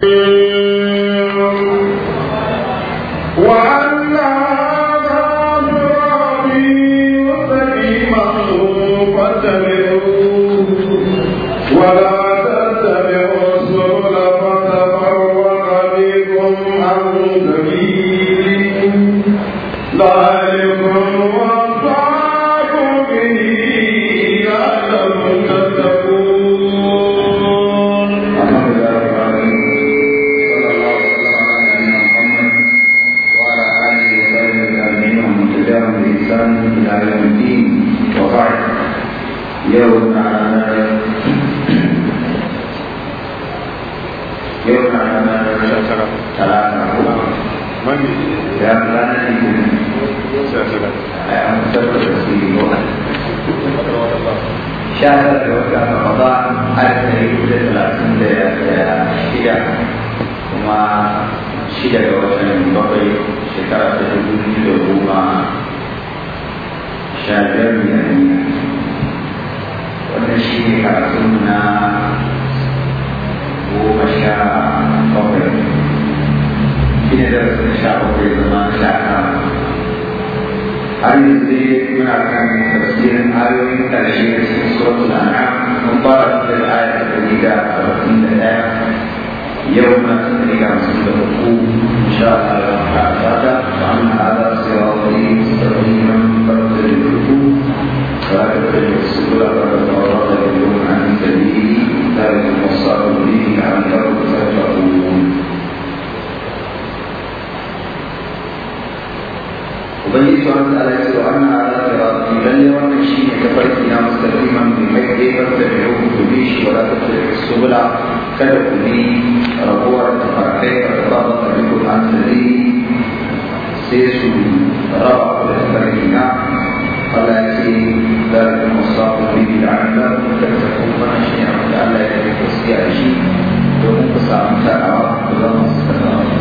Thank you. كان من تفسير من تفسير سورة الأنعام مطابق للآية التي جاءت من الآية يوم تدرك مسجد الركوب إن شاء الله تعالى وأن هذا صراطي مستقيما فاتبعوه ولا تتبعوا السبل فتفرق اليوم عن سبيله ذلك المصاب به لعلكم تتقون وبنيت عن ذلك وأن هذا لن يرى الشيء كفرتنا مستقيما من حيث فاتبعوه تبيش ولا تتبعوا السبل كذبني ربوع التفاحير ربط بكم عن الذي سيس ربع الفريقنا قال يأتي ذلك المصاب به لعلهم تتقون شيئا لئلا يتبعوا شيء domin ku samu tarawa ku zama su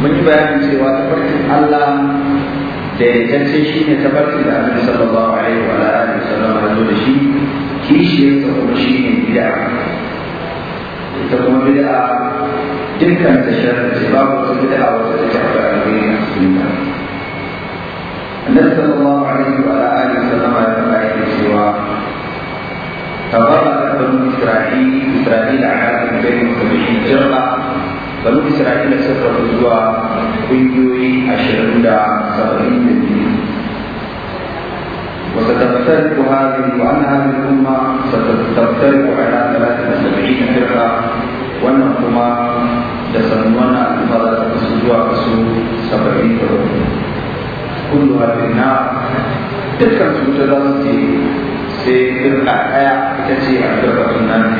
mun yi bayanin cewa tafarkin Allah daidaitacce shi ne tabbacin da annabi sallallahu alaihi wa alihi wasallam ya zo da shi kishiyar ta kuma shi ne bid'a ita kuma bid'a dukkan ta sharri babu wata bid'a wata take a alheri a cikin ta annabi sallallahu alaihi wa alihi wasallam ya faɗa yake cewa تغرق بنو اسرائيل اسرائيل على shi جرعه banu isra'ila sun rabu zuwa ƙungiyoyi ashirin da saba'in da biyu وستفترق هذه وأنها من الأمة ستفترق على ثلاثة وسبعين فرقة وأنهما تسمون الفضل تسجوا كسو سبعين فرقة كلها في النار تلك المتدرسة سيرقى آية كتير فرقة النار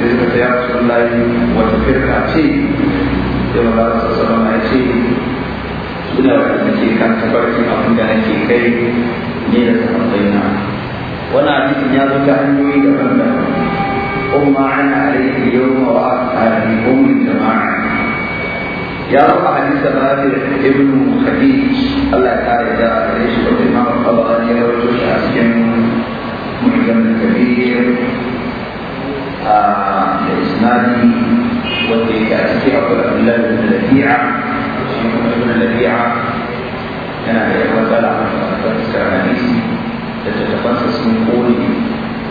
sai suka ya rasu layi wata firka ce sai maza su sama na ce suna da ke kan tabarkin abin da ake kai ne da sahabbai na wannan hadisin ya zo ta hanyoyi daban-daban umma ana alaihi yawma wa ashabi ummi jama'a يا رب حديث رافع ابن خديج الله تعالى جاء عليه الإمام الطبراني ورجل أسجن محكم الكبير da isnadi wanda yake a ciki akwai abdullahi bin rabi'a shi kuma ibn rabi'a yana da yawan matsala a fuskar hadisi da tattafansa sun kore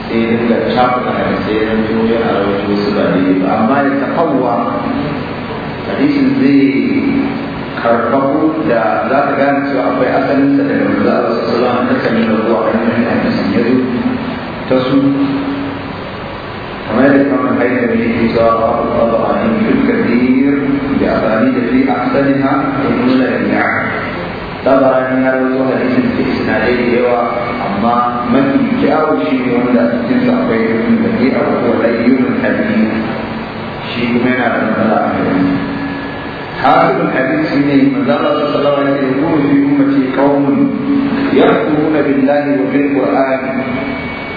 sai da cakuɗa da sai ya zanto yana ba ne ba amma ya tafawwa zai karbabu da za ta gane cewa akwai asalin sa daga manzo Allah sallallahu alaihi wasallam da kan yi rabuwa kan hadisin yazo ta su ومالك كما حيث به إشارة تطلع عليه الكثير بأسانيد في أحسنها وجملة النعم طبعا يروي حديث في إسناده هو أما من جاء شيء يوم لا تنسى خير من كثير وهو لين الحديث شيء من على حاكم الحديث إنه من مدار صلى الله عليه وسلم يقول في أمتي قوم يحكمون بالله وبالقرآن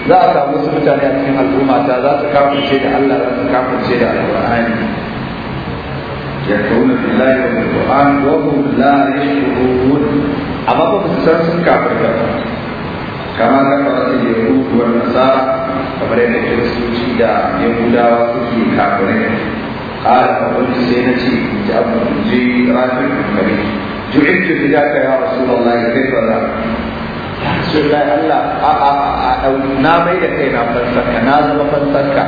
za a samu wasu mutane a cikin al'umma ta za su kafirce da Allah za su kafirce da alƙur'ani yakuna billahi wa alquran wa hum la yashurun amma ba su san sun kafirta ba kama ka fara da yahud nasara kamar yadda kiristoci da yahudawa suke kafirai قال فقلت سينتي جاء ابن جيران النبي جعلت فداك يا رسول الله كيف ذاك bismillah Allah a a a na mai da kai na fansarka na zama fansarka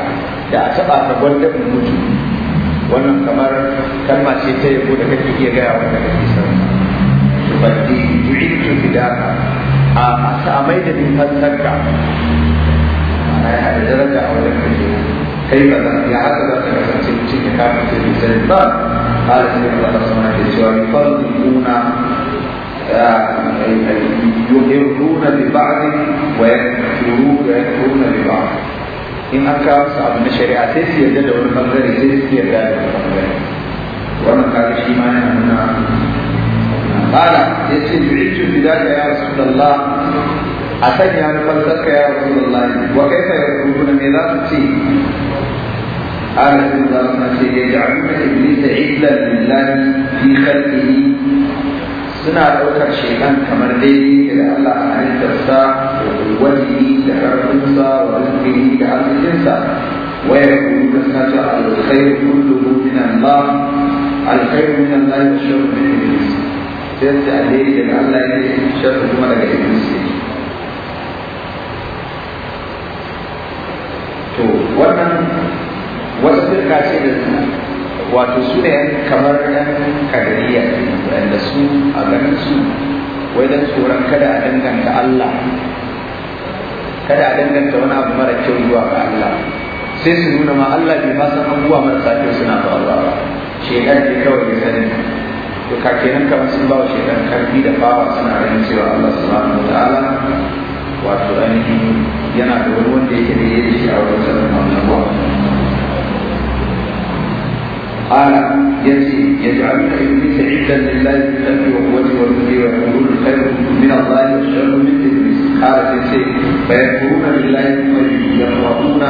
da a taɓa ka gwanda in mutu wannan kamar kalma ce ta yabo da kake iya gaya wanda kake san tubaddi ju'itu fidaka a a mai da din fansarka ana ya da daraja a wajen kake kai ba za ya haka za ka kasance mutum ya kama ta bi ba ba سيدنا الله سبحانه وتعالى يؤمنون ببعض ويكفرون ويكفرون ببعض in an kawo su abu na shari'a sai su yarda da wani bangare sai su yarda da wani bangare wannan kaga shi ma yana nuna bala ya ce bi'itu bidaka a قال رسول الله صلى الله عليه وسلم يجعلون ابليس عدلا لله في خلقه suna ɗaukar shekan kamar dai da Allah a halittarsa da wani da ƙarfinsa wa rizkihi da arzikinsa waya kuma suna ce alkhairu kulluhu min Allah alkhairu min Allah ya shirku min Iblis sai su alheri daga Allah ya ne shirku kuma daga Iblis ne to wannan wasu firka ce da wato su ne kamar yan kariya wanda su a ganin su wai don tsoron kada a danganta Allah kada a danganta wani abu mara kyau zuwa ga Allah sai su nuna ma Allah bai ma san abubuwa marasa kyau suna faruwa ba shekar ne kawai ya sani to ka kenan kamar sun ba wa shekar karfi da fawa suna ganin cewa Allah subhanahu wa ta'ala wato ainihin yana da wani wanda yake da yake a wurin sanin wannan قال يزيد يجعلون ابليس عدا لله من الامر وقوته وجوده ويقولون الخير من الله والشر من ابليس قال يزيد فيكفرون بالله ثم يقرؤون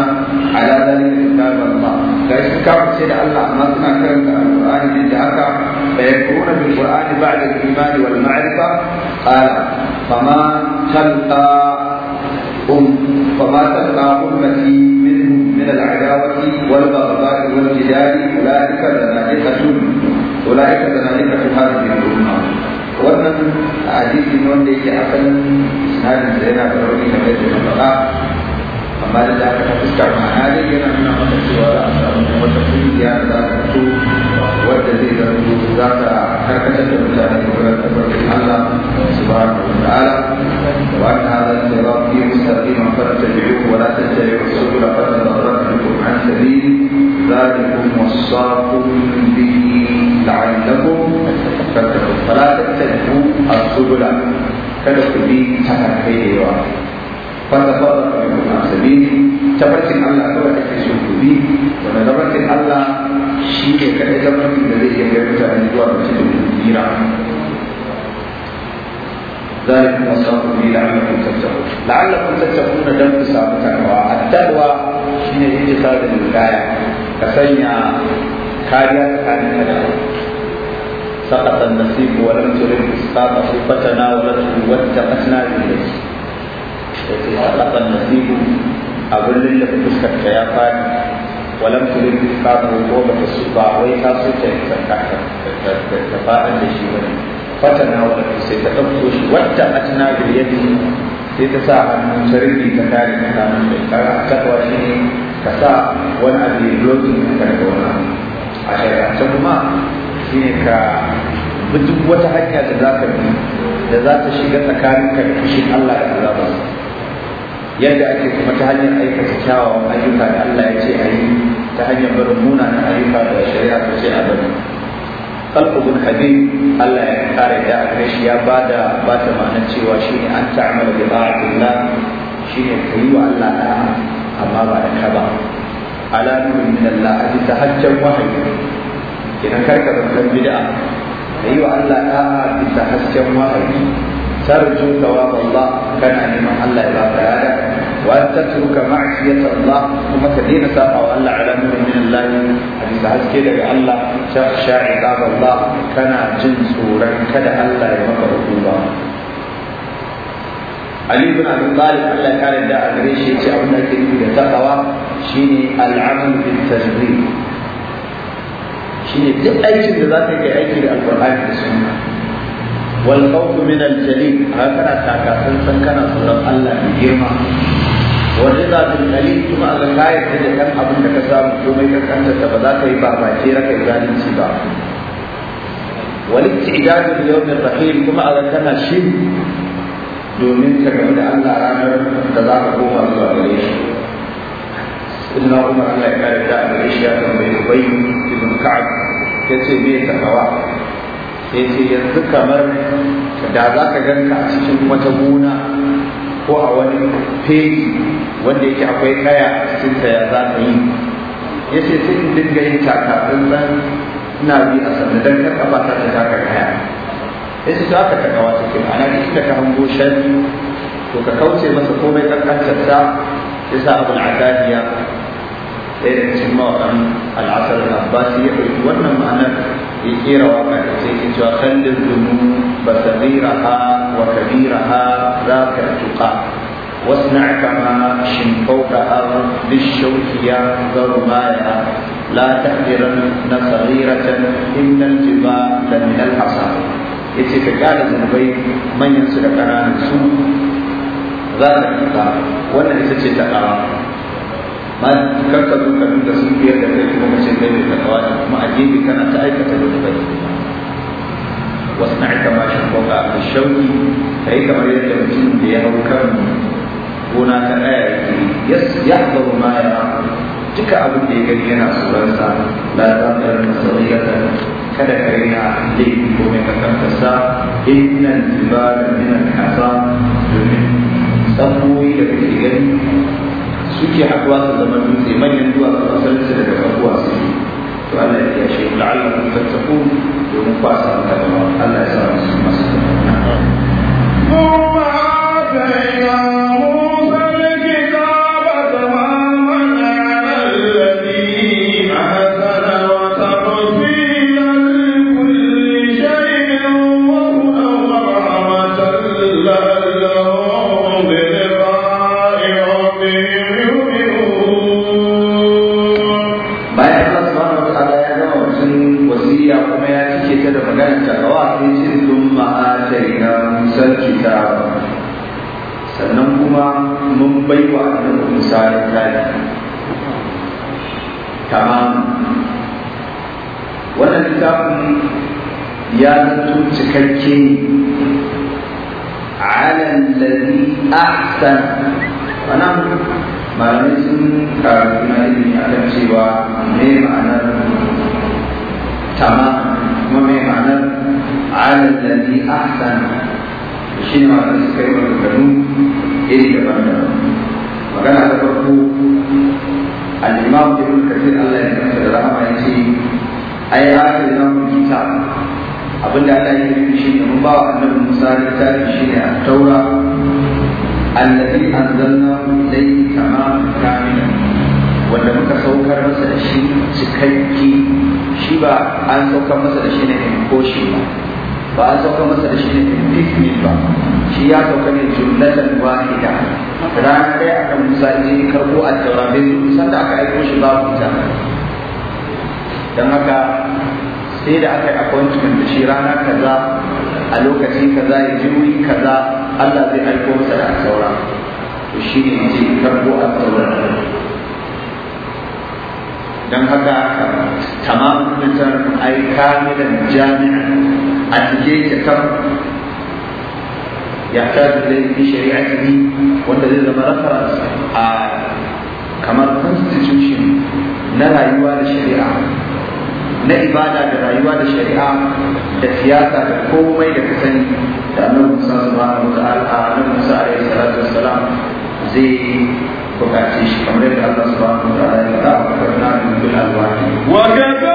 على ذلك كتاب الله ليس كافر سيد الله ما سمع كلمه القران من جهتها فيكفرون بالقران بعد الايمان والمعرفه قال فما تلقى أم فما تلقى امتي منه من العداوة والبغضاء والجدال أولئك زنادقة أولئك زنادقة هذه الأمة wannan hadisi ne wanda yake asalin sinadin da yana da rauni kamar yadda na faɗa amma da za ka ta fuskar ma'ana yana nuna maka cewa za a samu wata kungiya da za ka fito wadda zai zanto za ta karkatar da mutane kuma da farkin Allah subhanahu wa ta'ala da ba ta hada da ba ku yi mustaqiman fattabi'u wa la tattabi'u subula fatadarrakum an sabili ذلكم وصاكم به لعلكم تتقون فلا تتبعوا السبل kada ku bi ta kai da yawa wanda ba da kuma sabi tabbacin Allah kawai ake so ku bi wanda tabbacin Allah shi ne kaɗai da mutum da zai iya kai mutane zuwa da cikin hira zai kuma samu ne da ana kun tattabu la'alla kun tattabu na don ku samu tarwa a tarwa shi ne yake sa da kaya ka sanya kariya tsakanin ka da sakatan nasibu wa lam turin fuskata su fatana wa lam turin wata fatana da ya ce sakatan nasibu abin lullufin fuskarta ya fara ولم تريد إسلامه قومة السلطة ويكاسو كفاءة لشيواني فتناول وقت أتنا باليد سيتساعد من سريد تكاري مكان الشيطان تقوى شيء كسا وانا أبي لوتي مكان دونا عشان ما شيء كا بدو وتحكي هذا ذاك da za ta shiga tsakaninka الله يتذاكر yadda ake kuma ta hanyar aikata kyawawan ayyuka da Allah ya ce a yi ta hanyar barin munanan ayyuka da shari'a ta ce a bari kalku bin habib Allah ya kare da a kai shi ya da ba ta ma'anar cewa shi ne an ta'amala da ba'atillah shi ne ka yi wa Allah da'a amma ba da ka ba ala min Allah a ta hajjan wahayi idan karka zantar bid'a ka yi wa Allah a bisa hasken wahayi ترجو ثواب الله كان لمن الله إذا تعالى وأن تترك معصية الله ثم تدين ساقا وألا على نور من الله حديث هذا كده الله تخشى عقاب الله كان جن سورا كده الله يمكر الله Ali bin Abi Talib Allah ya kare da gare shi ce abin da ke nufi da takawa shine al'amal bil tajrid shine duk aikin da zaka yi aiki da alqur'ani da sunna wal khawfu min al jalil haka kana taka sun san kana tsoron Allah da girma wa rida bil qalil kuma ga kai da kan abin ka samu komai ka kanta ta ba za ka yi babace raka zalunci ba wal ibtidad bil yawm al rahim kuma ga kana shi domin ka game da Allah ranar da za koma zuwa gare shi ibn Allah ya yace me takawa sai ce yanzu kamar da za ka ganka a cikin wata gona ko a wani feji wanda yake akwai kaya a cikin ya za ka yi ya ce sai in dinga yin taka tsantsan ina bi a sannan don ka ka ta ta taka kaya ya ce to aka kakawa cikin ana da ka hango shari to ka kauce masa komai kankantar ta ya sa abin adadiya ɗaya da cikin mawaƙan al'asar al ya ɗauki wannan ma'anar ya kera waka sai ke cewa kallin dunu wa kabiraha za ka tuka واصنع كما شنفوتها بالشوك ينظر na لا تحذرن صغيرة da الجبال لمن الحصى yace ka kyara zunubai manyan su da ƙananan su za ka fita wannan ita ce ta ma kakka zo ka duka sun biyar da kai kuma mace kai mai takawa kuma a gefe kana ta aikata da bai wasu na aika mashi kwaka a shauki ka yi kamar yadda mutum da ya hau kan gona ta ɗaya yake ya zama ma ya duka abin da ya gani yana tsoronsa la za ta yi kada ka rina laifi ko mai kankanta innan jibarin minan kasa domin sabuwi da kake gani suke haɗuwa su zama dutse manyan duwatsu asalin su daga abuwa su ne to Allah ya kiyashe ku la'alla kun tattaku domin ku samu kalama Allah ya sa su masu kalama. mun bai wa annabi Musa littafi tamam wannan littafin ya zanto cikakke على الذي أحسن أنا malamai sun karatu na ilimi a kan cewa me ma'anar tama kuma me ma'anar alalladhi ahsan shi ne malamai suka yi maganganu iri daban-daban magana ta farko al-imam ibn kathir Allah ya kasa da rahama ya ce ai akhir na kita abinda Allah ya yi shi ne mun ba wa annabi Musa littafi ne a taura الذي أنزلنا إليه تماما كاملا wanda muka saukar masa da shi cikakki shi ba an saukar masa da shi ne ko shi ba ba a sauka masa da shi ne fifty ba shi ya sauka ne jumlatan كربو rana ɗaya akan musa ne karɓo a taurarin san da aka aiko shi babu ta don haka sai da aka yi appointment da shi rana kaza a lokaci kaza ya ji zai aiko a haka tamamin mutum ai kamilan jami'an a cike ta kan ya ta zai fi shari'a ne wanda zai zama reference a kamar constitution na rayuwa da shari'a na ibada da rayuwa da shari'a da siyasa da komai da kasani da annabi Musa subhanahu wa ta'ala annabi Musa alaihi salatu wassalam zai bukace shi kamar yadda Allah subhanahu wa ta'ala ya faɗa wa kafarna bil alwani wa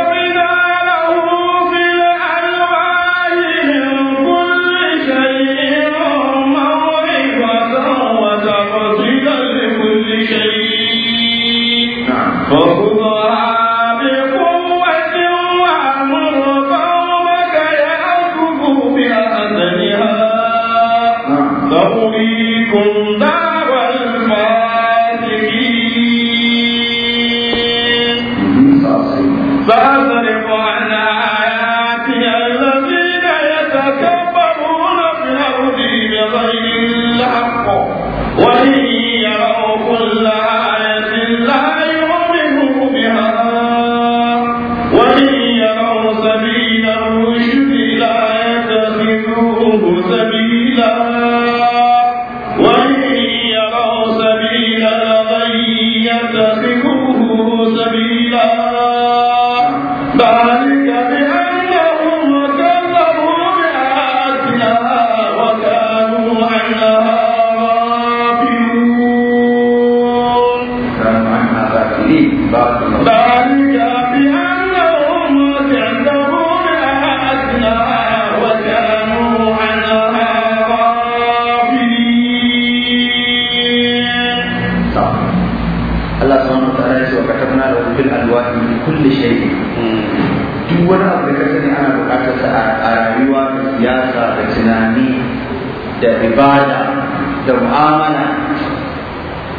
آمن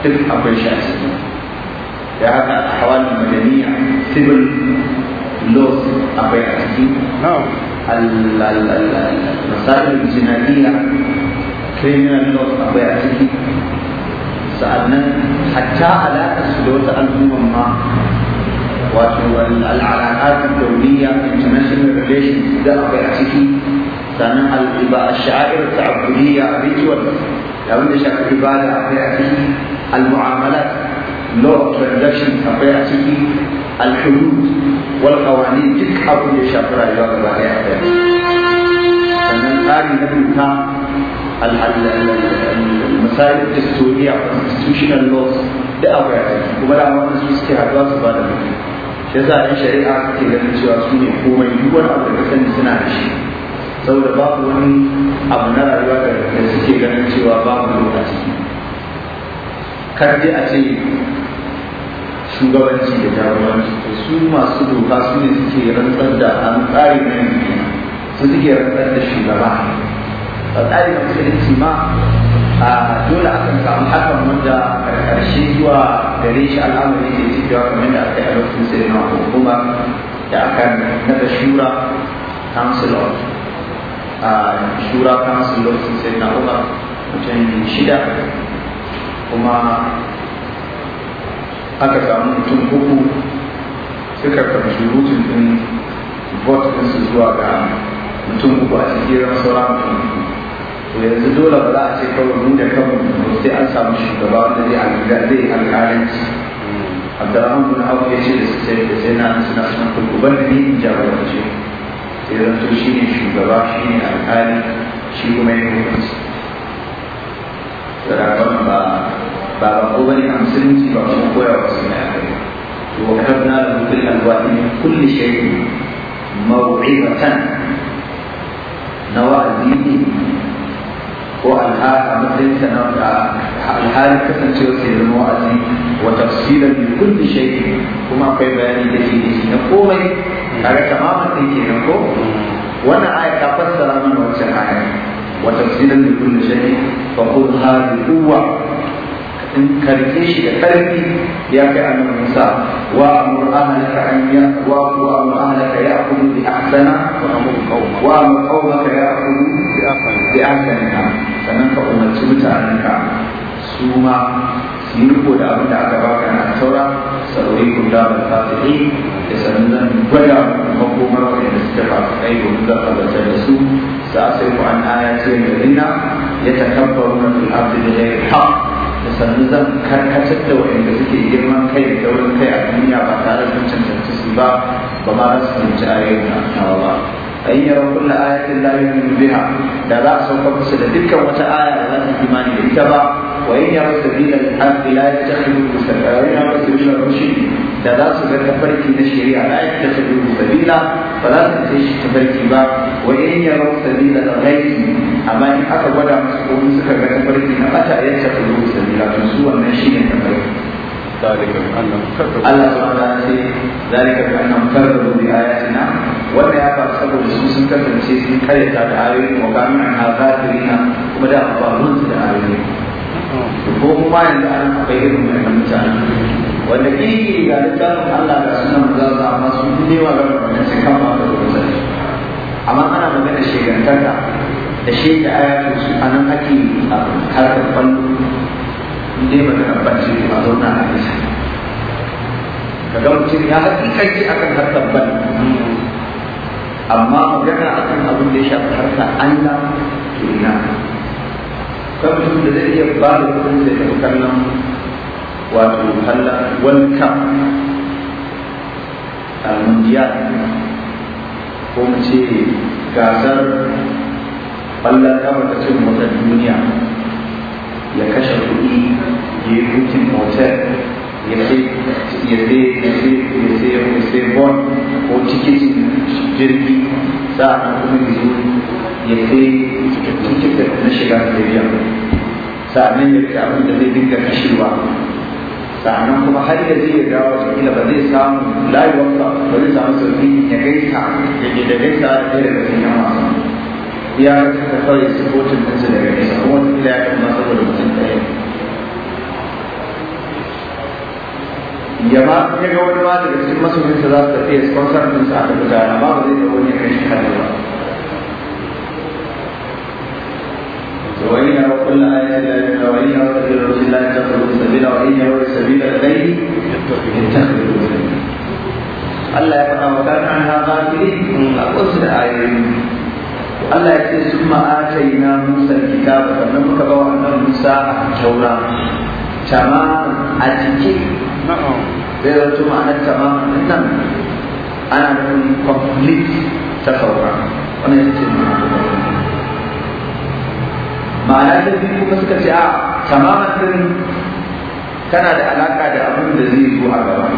تب أبو شخص يا هذا أحوال المدنية تب اللوز أبو شخص نعم المسائل الجنائية كريمنال لوز أبو شخص سألنا حتى على السلوك الأمم ما وشو الدولية international relations ده أبو شخص سنعمل الشعائر التعبدية ريتوالز لو عندي شكل عبادة أطيعتي المعاملات لو ترانزكشن أطيعتي الحدود والقوانين تك أبو دي شكرا يوم الرأي أطيعتي فمن قال نبي كان المسائل الدستورية والانستوشنال لوز لأطيعتي وبلا ما تسوي استيعاد واسو بعد المدينة شزاري شريعة كي لن تسوي أسوني حكومي يوانا أطيعتي سنعيش سوى لباقي وانين abu na rayuwa da suke ganin cewa babu Kar kadai a ce shugabanci da jagoranci su masu doka su ne suke rantsar da an tsari na yankin su suke rantsar da shugaba a tsarin musulunci ma a dole akan samu hakan wanda a ƙarshe zuwa gare shi al'amari ne su cewa kamar da aka yi a lokacin sai na hukuma da akan nada shura council of a shura kansu lokacin sai na umar mutum shida kuma aka samu mutum uku suka kamshi rutun din vote su zuwa ga mutum uku a cikin ran sauran mutum to yanzu dole ba za a ce kawai mun da mutum sai an samu shugaba wanda zai alƙa zai alƙalanci abdurrahman bin abu ya ce da su sai da sai na suna suna kurkuban da ni in jagoranci ya zanto shi ne shugaba shi ne alhali shi kuma ya hukunci sarakon ba ba ba ko bane a musulunci ba kuma koya wa musulmi a kai to wa kabna da mutum alwadi min kulli shay'in maw'izatan na wa'azi ko alhali a matsayin na alhali kasancewa sai zama wa'azi wa tafsirar bi kulli shay'in kuma akwai bayani da shi na komai kaga tamamin din kenan ko wannan aya ta fassara mana wancan aya wa tafsirin li kulli shay'in fa qul hadhihi quwwa in karke shi da karfi ya kai annabi Musa wa amur ahlaka an ya wa ku amur ahlaka ya aqulu bi ahsana wa amur qawma wa amur qawmaka ya aqulu bi ahsana sannan ka umarci mutanenka su ma yi da abin da aka baka na taura sarori kunda da ba da sannan gwada makomar da suka ba kai domin za ka bace da su sa sai ku an aya ce da inna ya takabbaru wani fil da bi yi haqq da sannan zan karkatar da wanda suke girman kai da daurin kai a duniya ba tare da cancanta su ba ba ma za su fahimci ayoyin da aka ba Da za كل su da dukkan wata aya da za لتلك imani da ita ba. وإن يروا سبيل الحق لا يتخذوا سبيلا وإن يروا سبيل الرشد da za su ga tafarki na shari'a la yattakhidhu sabila ba za su kai shi tafarki ba wa in yaraw sabila al-ghayb amma in aka gwada masu ko suka ga tafarki na bata yattakhidhu sabila to su wannan shine tafarki ذلك بأنهم كذبوا su sun kasance ذلك بأنهم كذبوا بآياتنا وما يفعل سبب السوس كذب سيسن كريتا دعاوين وكانوا da غافلين ko kuma yanzu an akwai irin mai mutane wanda kiri ga littafin Allah da sunan za zama amma sun fi dewa ga wannan su kama da rubuta amma ana magana shegantaka da shege ayatun su a nan ake a harkar kwallo inda ya magana bacci a zauna a nisa kaga mutum ya a kan harkar kwallo amma magana akan abin da ya shafi harkar Allah to ina kan da zai iya ba da kudin da ya kallon wato halla wani cup a mundiya ko mu ce gasar Allah ta mata cin wata duniya ya kashe kuɗi ya yi bukin motar ya sai ya sai ya sai ya sai bon ko tikitin jirgi za a kuma bizu ya sai tikitar na shiga tafiya. sa'anin ya fi abin da zai dinga kashewa sa'anin kuma har da zai dawo da kila ba zai samu layuwarsa ba zai samu sauki ya gaisa ya ke da gaisa da ke da cikin yan wasa ya ta kawai supportin ɗinsu da nesa kuma wata kila ya kama saboda mutum ɗaya ya ba ya ga wani ba daga cikin masoyinsa za su tafiya sponsor ɗinsa a ta gudana ba ba zai da wani ya kai shi ba وكل آية آية نوعية وكل رسول الله الغيب Allah ya faɗa wa in a da ayoyi. Allah ya ce na Musa kitaba sannan muka ba wa nan Musa a taura. a jiki. Zai zato ma'anar nan ana nufin complete ta saura. Wannan ya ce ma'ana ta biyu kuma suka ce a tamamatin tana da alaka da abin da zai zo a gaba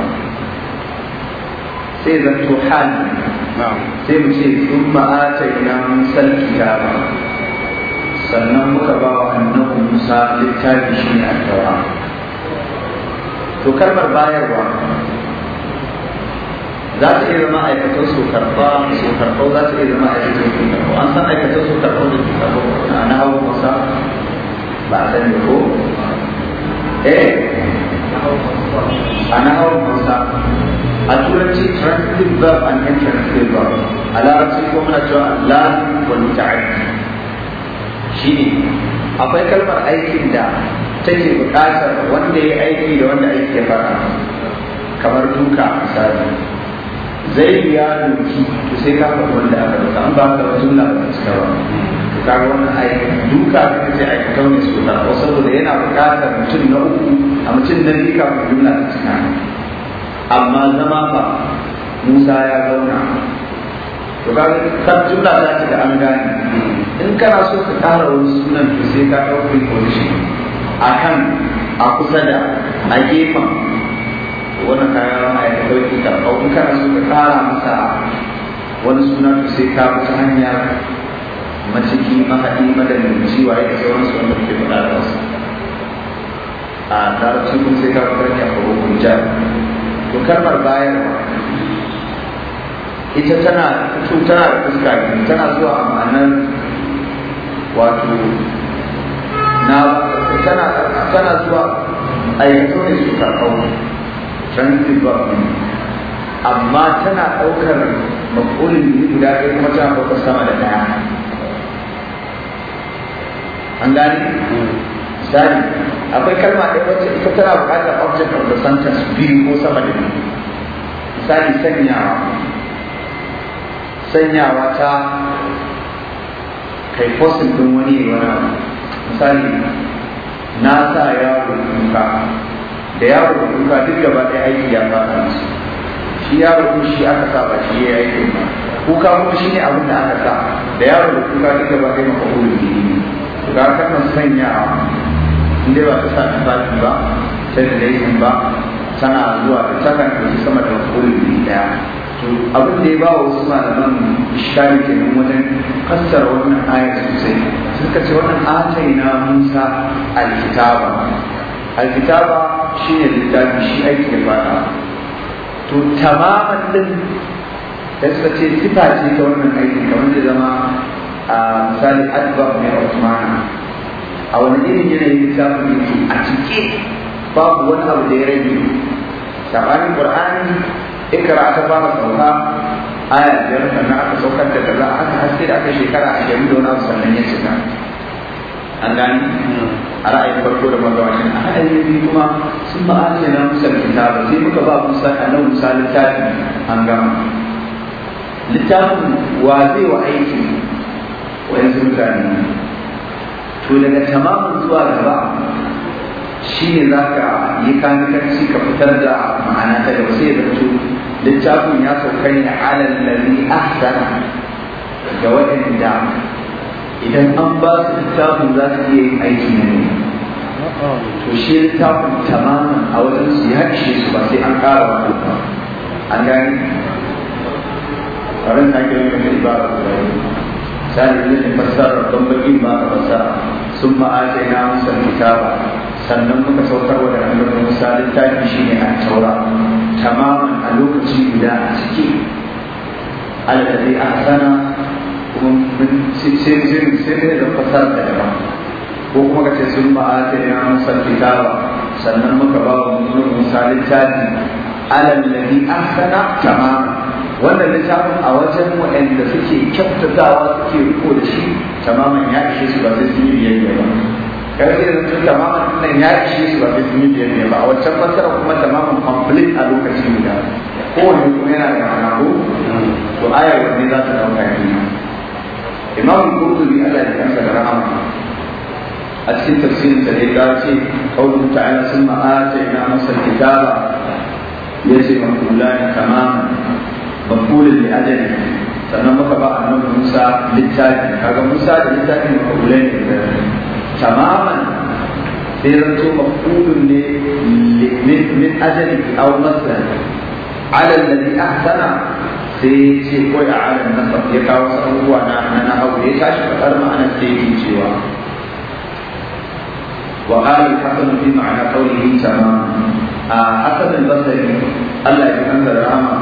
sai zan to hali sai mu ce sun ma'ata ina salki ba sannan muka ba wa annabu musa littafi shi ne a to karbar bayarwa za ta iya zama aikatan su karɓa su karɓo za ta iya zama aikatan su karɓo an san aikatan su karɓo da su karɓo a na hawa kusa ba a sani ko eh a na hawa kusa a turanci transitive verb and intransitive verb a larabci ko muna cewa lazim wal muta'addi shine akwai kalmar aikin da take buƙatar wanda ya aiki da wanda aiki ya fara kamar duka misali zai ya doki to sai ka faɗi wanda aka doka an ba ka wasu na da cika ba ka ga wannan aikata duka da kace aikata ne su ta wasu saboda yana buƙatar mutum na uku a mutum na biyu kafin jumla ta cika amma zama fa Musa ya zauna to ka ga jumla ta da an gane in kana so ka ƙara wani sunan to sai ka ɗauki position kan, a kusa da a gefen wannan kayan rana ya sauki ka ɗau in kana so ka ƙara masa wani suna to sai ka bi ta hanyar maciki mahaɗi madalinci waye da sauransu wanda ke faɗa da wasu a larabci kun sai ka bi ta hanyar hukun jar to kalmar bayan ita tana tana da fuska tana zuwa a ma'anar wato na tana zuwa a yanzu ne su wani transit verb ne amma tana ɗaukar maƙulin ne guda ɗaya kuma tana ɗaukar sama da ɗaya an gani, misali akwai kalma ɗaya wacce ita tana buƙatar object of the sentence biyu ko sama da biyu misali sanyawa sanyawa ta kai fosil ɗin wani yi wani misali na sa yaro kuka da yaro kuka duk gaba ɗaya aiki ya fata musu shi yaro kuma shi aka sa ba shi ya yi aikin ba kuka kuma shi ne abin da aka sa da yaro da kuka duk gaba ɗaya maka hulun gini ne ga ga kakan sanya inda ba ta sa tufafi ba ta da ba tana zuwa da takan ɗauki sama da hulun gini ɗaya abin da ya ba wa wasu malaman ke nan wajen fassara wannan ayar sosai suka ce wannan atai na musa alkitaba alkitaba shi ne littafi shi ne fata to tamaman din da suka ce sifa ce ta wannan aikin kamar da zama a misali adbab mai osmana a wani irin yanayin littafin yake a cike babu wani abu da ya rage sabanin qur'ani ikra ta fara sauka aya biyar sannan aka saukar da kaza aka haske da aka shekara ashirin da wani abu sannan ya cika an gani a ra'ayin farko da manzo shi a ra'ayin biyu kuma sun ba ake na musa kitabu sai muka ba musa annabi musa littafin an gama littafin wa zai wa aiki wa yanzu mutane to daga tamamin zuwa gaba shi ne za ka yi kanikanci ka fitar da ma'ana ta da wasu da to littafin ya sauka ne alal ladhi ahsana ga waɗanda idan an ba su littafin za su iya yin aiki ne to shi littafin tamamin a wajen su ya ishe su ba sai an ƙara wa ba an gani ƙarin na kiran da mai ba sani ne fassarar don ba ka fassara sun ma'aje na musan kitaba sannan muka saukar wa da annabi Musa littafi ne a taura tamaman a lokaci guda a ciki alladhi ahsana sun ne da fasar da daban ko kuma ka ce sun ba'a ta ina musar kitaba sannan muka ba wa musa littafi alal ladhi ahsana tamam na littafin a wajen waɗanda suke kyautatawa suke riko da shi tamaman ya ishe su ba sai sun yi biyayya ba karfi da sun tamaman nan ya ishe su ba sai sun yi biyayya ba a wancan fasara kuma tamaman complete a lokacin guda kowane kuma yana da ma'ana ko to aya wanne za ta ɗauka kenan امام القرطبي الا يتامل رحمه الله أحسن تفسير قوله تعالى ثم إلى موسى الكتابة يجب أن كلان تماما مقبولا لأجل تنمك بعد نبي موسى للتاج هذا موسى للتاج مقبولين تماما إذا مقبول لأجل أو مثلا ala alladhi ahsana sai ce koi a ala nasab ya kawo abubuwa na na hawo ya tashi fadar ma'anar sai yake cewa wa qala al-hasan fi ma'na qawlihi tamam a hasan al-basri Allah ya kanta rahama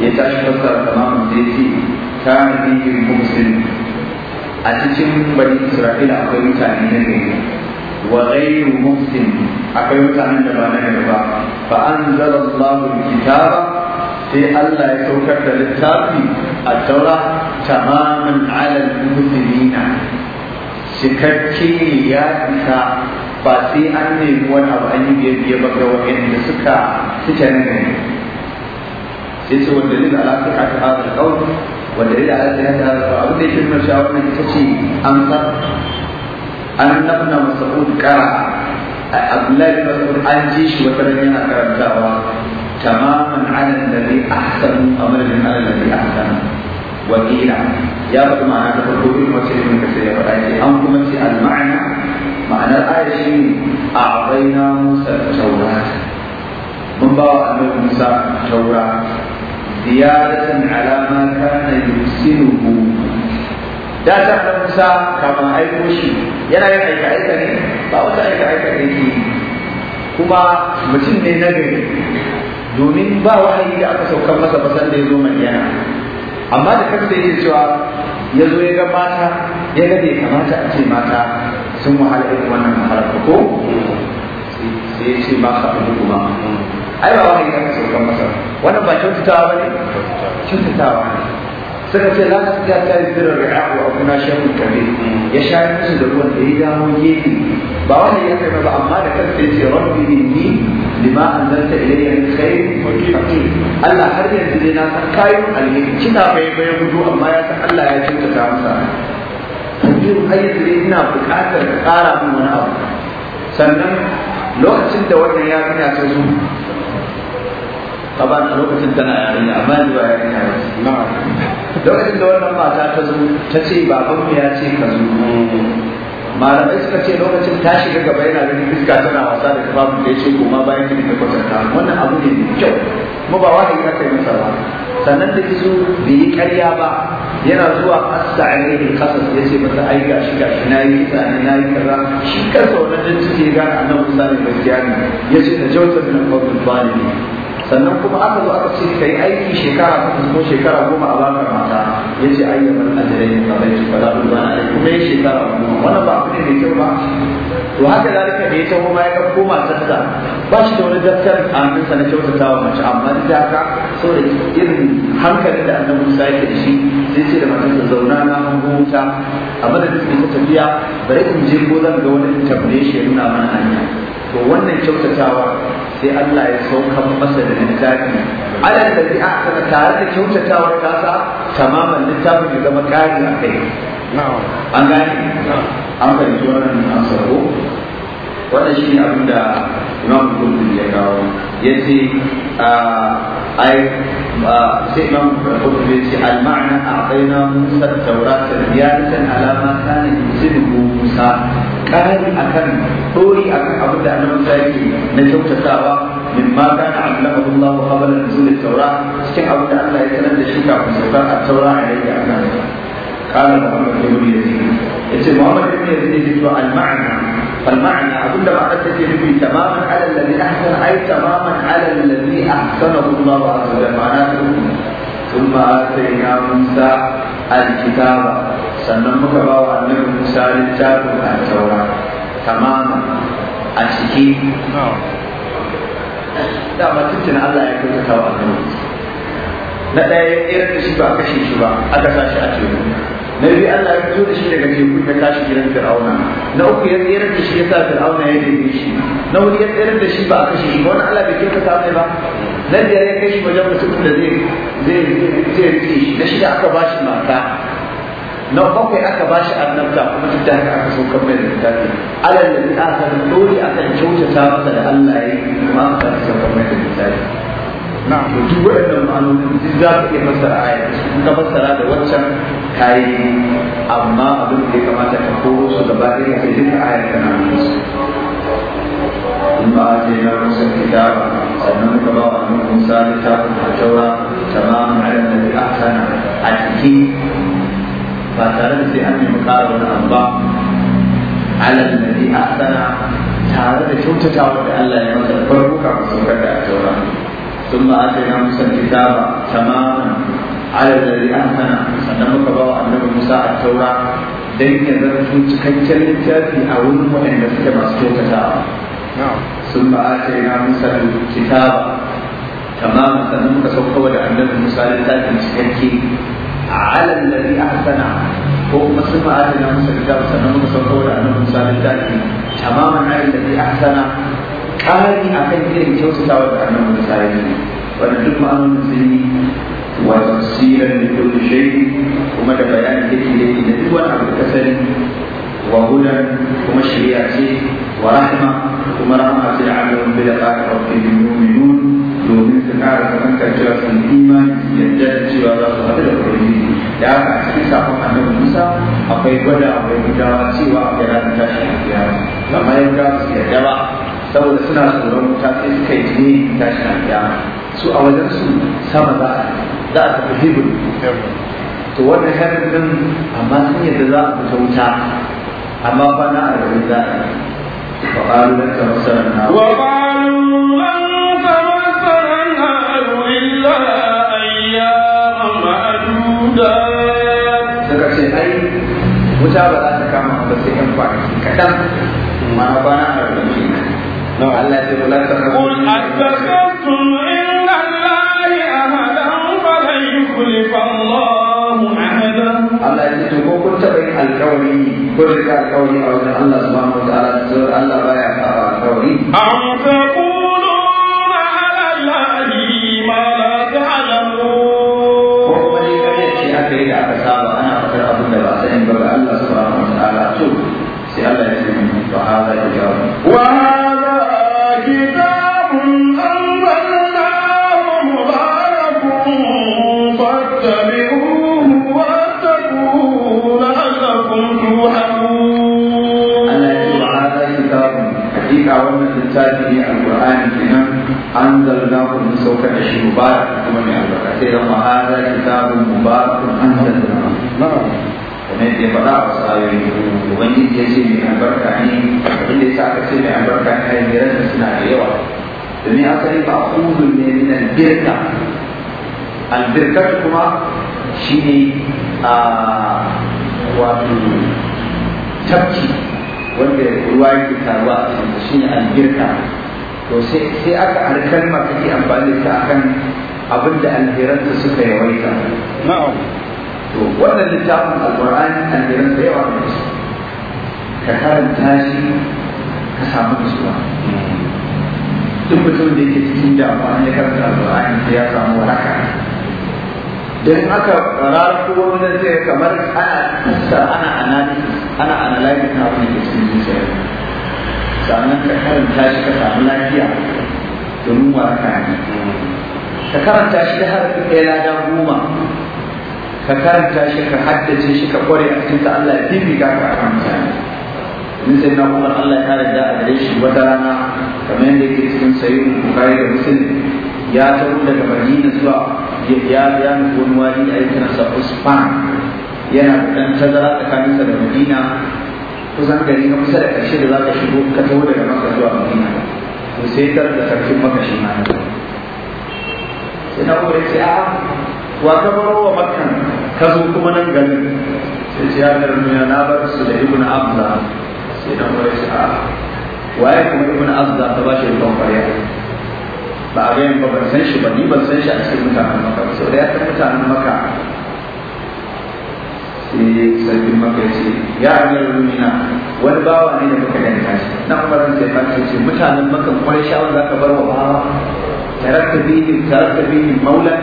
ya tashi fassara tamamin sai ce ta hadisin muslim a cikin bani isra'ila akwai mutane na gari wa ghayru muslim akwai mutanen da ba na gari ba fa anzala Allahu al-kitaba sai Allah ya saukar da littafi a taura tamamin alal musulina cikakke ya isa ba sai an nemi wani abu an yi biyar biyar ba ga waɗanda suka suke nan sai ce wanda lil alaƙa ta hada qawl wanda lil alaƙa ta hada qawl abin da yake nuna cewa wannan ita ce amsa an nafna nabna mas'ud qara Abdullahi bin Mas'ud an ji shi wata ran yana karantawa تماما على الذي احسن من على الذي احسن وكيلا يا رب ما معنا تقول وسيله من كثير الايه ان كما المعنى معنى الايه شيء اعطينا موسى التوراه من بقى ان موسى التوراه زياده على ما كان يحسنه لا تعلم موسى كما kama aiko يلا يا yin aika aika ne ba wata aika كما ne النبي domin ba wahayi da aka saukar masa ba san da ya zo madiyana amma da kansa yake cewa ya zo ya ga mata ya ga bai kamata a ce mata sun wahala irin wannan wahala ko sai ya ce ma ka abu kuma ai ba wahayi aka saukar masa wannan ba kyautatawa ba ne kyautatawa ne suka ce za su ta ta zirar ri'a wa kuna shahun kabe ya sha musu da ruwan da ya dawo gefe ba wani ya kai ba amma da kansa ya ce rabbi inni lima anzalta ilayya min kai. Allah har yanzu dai na san kayan alheri kina bai bai gudu amma ya san Allah ya cinta ta masa yanzu har yanzu dai ina buƙatar ka ƙara min wani abu sannan lokacin da wannan yarinya ta zo طبعا لوكس انت انا يعني اعمال ويعني نعم lokacin da wannan mata ta zo ta ce babanmu ya ce ka zo malamai suka ce lokacin ta shiga gaba yana ganin iska tana wasa da babu da ya ce koma bayan gini da kwatanta wannan abu ne mai kyau kuma ba wahayi aka yi masa ba sannan da iso bai yi karya ba yana zuwa asta alaihi kasas ya ce masa ai gashi shi na yi kisa na yi kaza shi kansa wannan jin ya gane annabi sallallahu ne ya ce da jautar min al-qawmi ne. sannan kuma aka zo aka ce kai aiki shekara ta ko shekara goma a bakar mata ya ce ayyukan ajirai ba zai ci ba za ba na kuma ya shekara goma wannan ba abu ne mai kyau ba to haka zalika da ya tawo ma ya koma matarsa ba shi da wani daftar a hannunsa na kyautata wa mace amma duk da haka saboda irin hankalin da annabi Musa yake da shi sai ce da matarsa zauna na hango wuta a madadin da tafiya bari in je ko zan ga wani tambaye shi ya nuna mana hanya to wannan kyautatawa sai Allah ya sauka masa da littafi ala da bi aka tare da kyautatawar sa tamaman littafin ya zama kari a kai an gane an fahimci wannan an ko wannan shi ne abin da imam kurkun ya kawo ya ce sai imam kurkun ya ce al a tsaina musa taurata riyatan alama ta ne zirgu musa ƙari a kan ɗori a kan abin da annabi musa yake na kyautatawa min ma kana allama Allah wa qabala nuzul taura cikin abin da Allah ya sanar da shi kafin sauka a taura a yayin da aka قال yace Muhammad ibn Yazid yake cewa al-ma'na fal-ma'na abinda ma'ana take nufi tamaman ala alladhi ahsana ay tamaman ala alladhi ahsanahu Allah azza wa jalla ثم آتينا al-kitaba, sannan muka ba wa annabi Musa littafin al-Taurat tamaman a ciki dama tuntun Allah ya kuka kawo annabi na ɗaya irin da shi ba kashe shi ba aka sa shi a teku na biyu Allah ya fito da shi daga teku ya tashi gidan Fir'auna na uku ya tsere da shi ya sa Fir'auna ya dinge shi na hudu ya tsere da shi ba a kashe shi ba wani Allah bai kyauta ta mai ba na biyar ya kai shi wajen mutumin da zai zai zai rike shi na shida aka ba shi mata na bakwai aka ba shi annabta kuma duk da haka aka so kan mai littafi alal da aka dole akan kyautata masa da Allah ya yi kuma aka so kan mai littafi نعم duk waɗannan ma'anonin duk za ka iya fassara ayar in ka fassara da waccan kayi amma abin da ya kamata ka koro su gaba ɗaya ka duka ayar kana musu ثم آتينا موسى الكتاب سنن قضاء موسى كتاب التوراة تماما على الذي أحسن أتيكي فترد بأن يقال الأنباء على الذي أحسن تعالى كوتة تعالى ألا يمسك نعم. فرقك وسوكك التوراة ثم اتينا موسى الكتاب تماما على الذي احسن انه قضى انه موسى التوراه دين يذكر تكتل الكافي او المؤمن بك مسكوت نعم ثم اتينا موسى الكتاب تماما انه ان انه موسى التاكي تكتل على الذي احسن فوق مصطفى اتينا موسى الكتاب سنه قضى انه موسى التاكي تماما على الذي احسن ƙari a kan irin kyautatawa da annabi Musa ya yi wanda duk ma'amalin sun yi wa tafsiran da kullu shay'in kuma da bayanin yake yake da duk wani abu da sani wa hudan kuma shari'a ce wa rahma kuma rahma ce da annabin bi da qara rabbihim yu'minun domin su kara kamantar cewa sun imani yadda cewa za su haɗu da ubangiji da haka a cikin sakon annabi Musa akwai gwada akwai gudawa cewa akwai ranar tashi a kiyama amma yau da su yarda ba saboda suna tsoron wuta sai suka yi ne tashin alƙiyama su a wajen su sama za a za a tafi hibir to wannan heaven din amma sun yadda za a wuta amma ba na arba'in za a yi وقالوا لن تمسنا النار وقالوا لن تمسنا النار إلا أياما معدودات سكتي أي وجاب لا تكامل بس كم فاكس كتم ما بنا Allah ce kula ta kun attakhtum inna allahi ahadan Allah ya ce ko kun taɓa yin alkawari ko da alkawari a wajen Allah subhanahu wa ta'ala Allah baya fara alkawari am an zarga ku in sauka da shi mubarak kuma mai albarka sai zama hada kitabun mubarakun an zarga kuma ya faɗa a wasu ayoyi ubangiji ya ce mai albarka ni? inda ya sa aka ce mai albarka ni, kai biyar da suna da yawa Da ni domin asali ba kudu ne min albirka albirka kuma shi ne a wato tabci wanda ruwa yake taruwa a cikin shi ne al albirka to sai aka ari kalma kake amfani da akan abin da alheranta suka yawaita na'am to wannan littafin alqur'ani alheran da yawa ne ka karanta shi ka samu nutsuwa duk mutum da yake cikin damuwa ya karanta alqur'ani sai ya samu waraka dan aka rarko wannan sai kamar ana ana analysis ana analyzing abin da ke cikin zuciyarka sannan ka karanta shi ka samu lafiya domin waraka ne ka karanta shi da har ɗaya ladan goma ka karanta shi ka haddace shi ka kware a cikin sa Allah ya fifita ka a kan mutane in sai na kuma Allah ya kare da a gare shi wata rana kamar yadda yake cikin sayin bukari da musulmi ya taru daga madina zuwa ya ya wani wani a yankin sa usman yana da ɗan tazara tsakaninsa da madina zan gari na kusa da ƙarshe da za ka shigo ka taho daga maka zuwa madina to sai tar da sarkin maka shi ma sai na kuma ce a wa ka baro wa makka ka zo kuma nan garin sai ce ya garmiya na bar su da ibn abza sai na kuma ce a waye kuma ibn abza ta ba shi rikon kwarya ba a bayan ba ban san shi ba ni ban san shi a cikin mutanen maka ba sau da ya san mutanen maka sai sarkin maka ce ya amir rumina wani bawa ne da muka yanka kashi na umarin sai fata ce mutanen maka kwarai shawar za ka bar wa bawa tarakta bihin tarakta bihin maula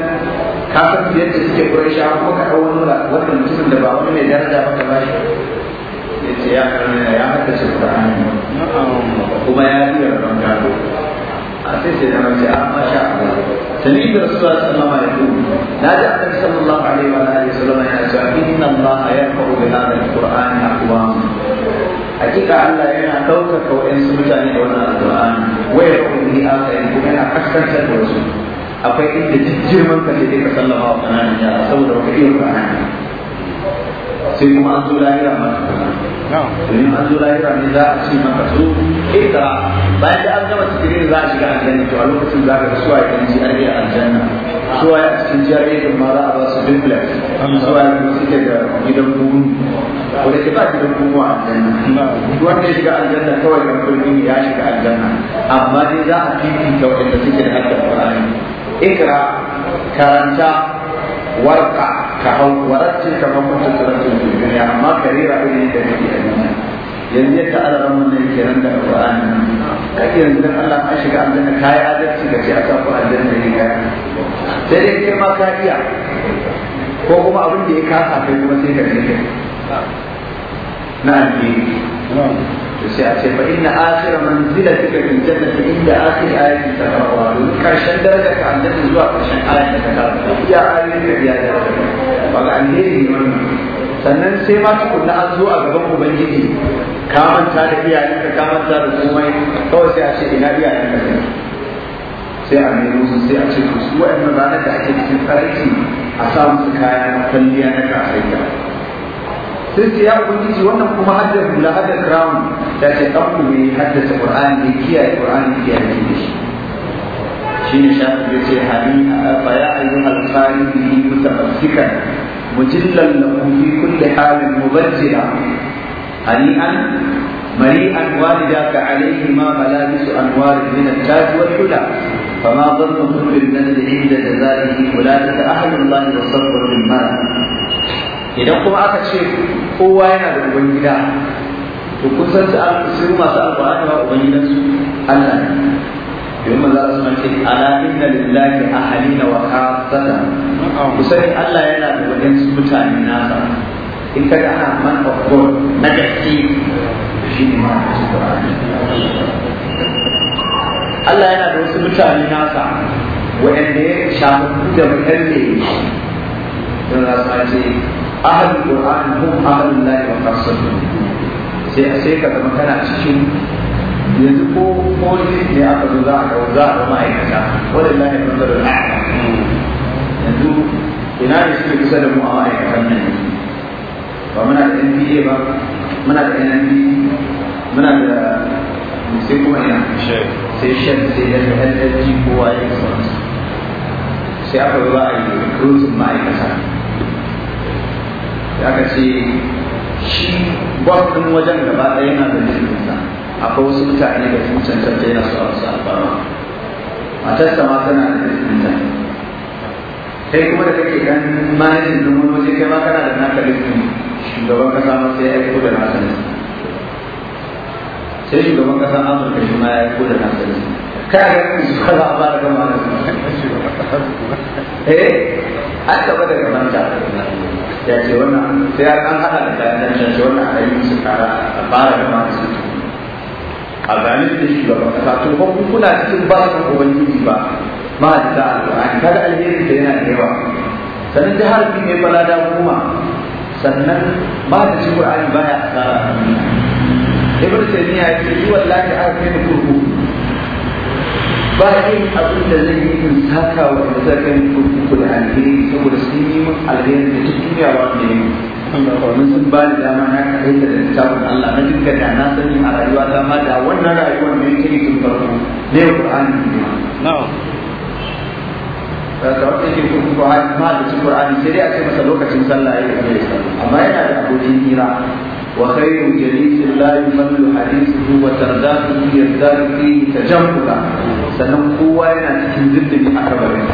ka san yadda suke kwarai shawar kuma ka ɗau wani wanda mutumin da ba wani mai daraja ba ka ba shi ya ce ya karni ya haddace ƙur'ani kuma ya iya rabon gado sai sai da mace a masha Allah da rasu da su mama da duk sallallahu alaihi wa alihi ya ce inna Allah ya faru da hada alquran ya kuwa hakika Allah yana dauka kawai su mutane a wannan alquran waya ko ni a kai kuma yana kaskantar da wasu akwai inda jirman ka sai ka sallama wa kananin ya saboda wa kai Qur'ani sai kuma an zo lahira mata domin an za a ci maka bayan da an gama cikin za a shiga aljanna to a lokacin za ka ga suwa ya a aljanna suwa ya cikin ma za a ba su duplex suwa ya suke da gidan ke ba gidan a aljanna wanda ya shiga aljanna kawai kan kulmi ya shiga aljanna amma dai za a fifita waɗanda suke da ikra karanta warka ka hau warattin ka ban mutum tsarattin duniya amma kare rera ne da yake a duniya yanzu ya ta'ala ran ne yake nan da alƙur'ani kake yanzu da Allah an shiga aljanna kai adalci ka ce a kafa aljanna ne ga sai dai ke ma ka iya ko kuma abin da ya kasa kai kuma sai ka je na addini to sai a ce fa inna karshen daraja ka annabi zuwa karshen ayatin da sannan sai ma an a gaban ubangiji ka manta da iyayenka ka manta da komai kawai sai a ce ina iyayenka ne sai a nemo su sai a ce su wa'annan ranar da ake cikin a samu kaya na kwalliya na kasayya sai ce ya ubangiji wannan kuma haddar hula haddar crown ya ce dan ku mai haddasa qur'ani ya kiyaye qur'ani da kiyaye shi shine shafi ya ce hani fa ya ayyuhal qari bi mutafassikan mujillan lahu fi kulli halin mubajjira hani'an مريئا والداك عليهما ملابس انوار من da والحلى فما ظنكم بالمدد عند جزائه ولاده اهل الله وصبر بالمال idan kuma aka ce kowa yana da gida, to kun san su su masu alƙur'ani ba ubangidan su Allah ne domin manzo su sun ce ala inna lillahi ahalina wa khassata ku sani Allah yana da wajen mutane nasa in ka ga ana man of God na gaske shi ne ma Allah yana da wasu mutane nasa waɗanda ya shafi da mutane da za su ce ahal qur'ani hum ahalul lahi wa khassatuh sai sai ka zama kana cikin yanzu ko ko ne aka zo za a ga za a zama aikata wallahi masalul a'la yanzu ina ne suke kusa da mu a ma'aikatan nan ba muna da NBA ba muna da NNB muna da sai kuma ina sai shan sai da LLG kowa ya sai aka zo za a yi rutun ma'aikata ya ka ce shi bok ɗin wajen gaba ɗaya yana da nufinsa akwai wasu mutane da sun cancanta yana su a wasu alfarma matarsa ma tana da nufinta kai kuma da kake ɗan manajin domin wani waje kai ma kana da naka jirgin shugaban kasa ma sai ya aiko da nasa ne sai shugaban kasa amurka shi ma ya yi da na ne kai ga kuma su kala a da gama da eh An gaba da gaban ta ya ce wannan sai an haɗa da kayan nan ya ce a yi musu kara a fara gaba su a ganin da shugaban kasa to ba ku kuna cikin ba su ubangiji ba ma'adda alƙur'ani kada alherin da alheri da yana da yawa sannan jihar bi mai falada kuma. sannan ba da shi qur'ani baya a asara ibn taymiya ya ce wallahi aka kai ni kurkuku ba abin da zai yi in saka wa da zaka yi kurkuku da alheri saboda sun yi min alheri da duk duniya ba da yi domin sun ba da dama na kai da littafin Allah na duka da na sani a rayuwa ta ma da wannan rayuwar mai ta yi tun farko ne Qur'ani ne da wanda yake kuma Qur'ani ma da cikin Qur'ani sai dai a ce masa lokacin sallah ya yi amma yana da abokin hira وخير جليس لا يمل حديثه وترداه يزداد فيه تجملا sannan kowa yana cikin zindigi a kabarin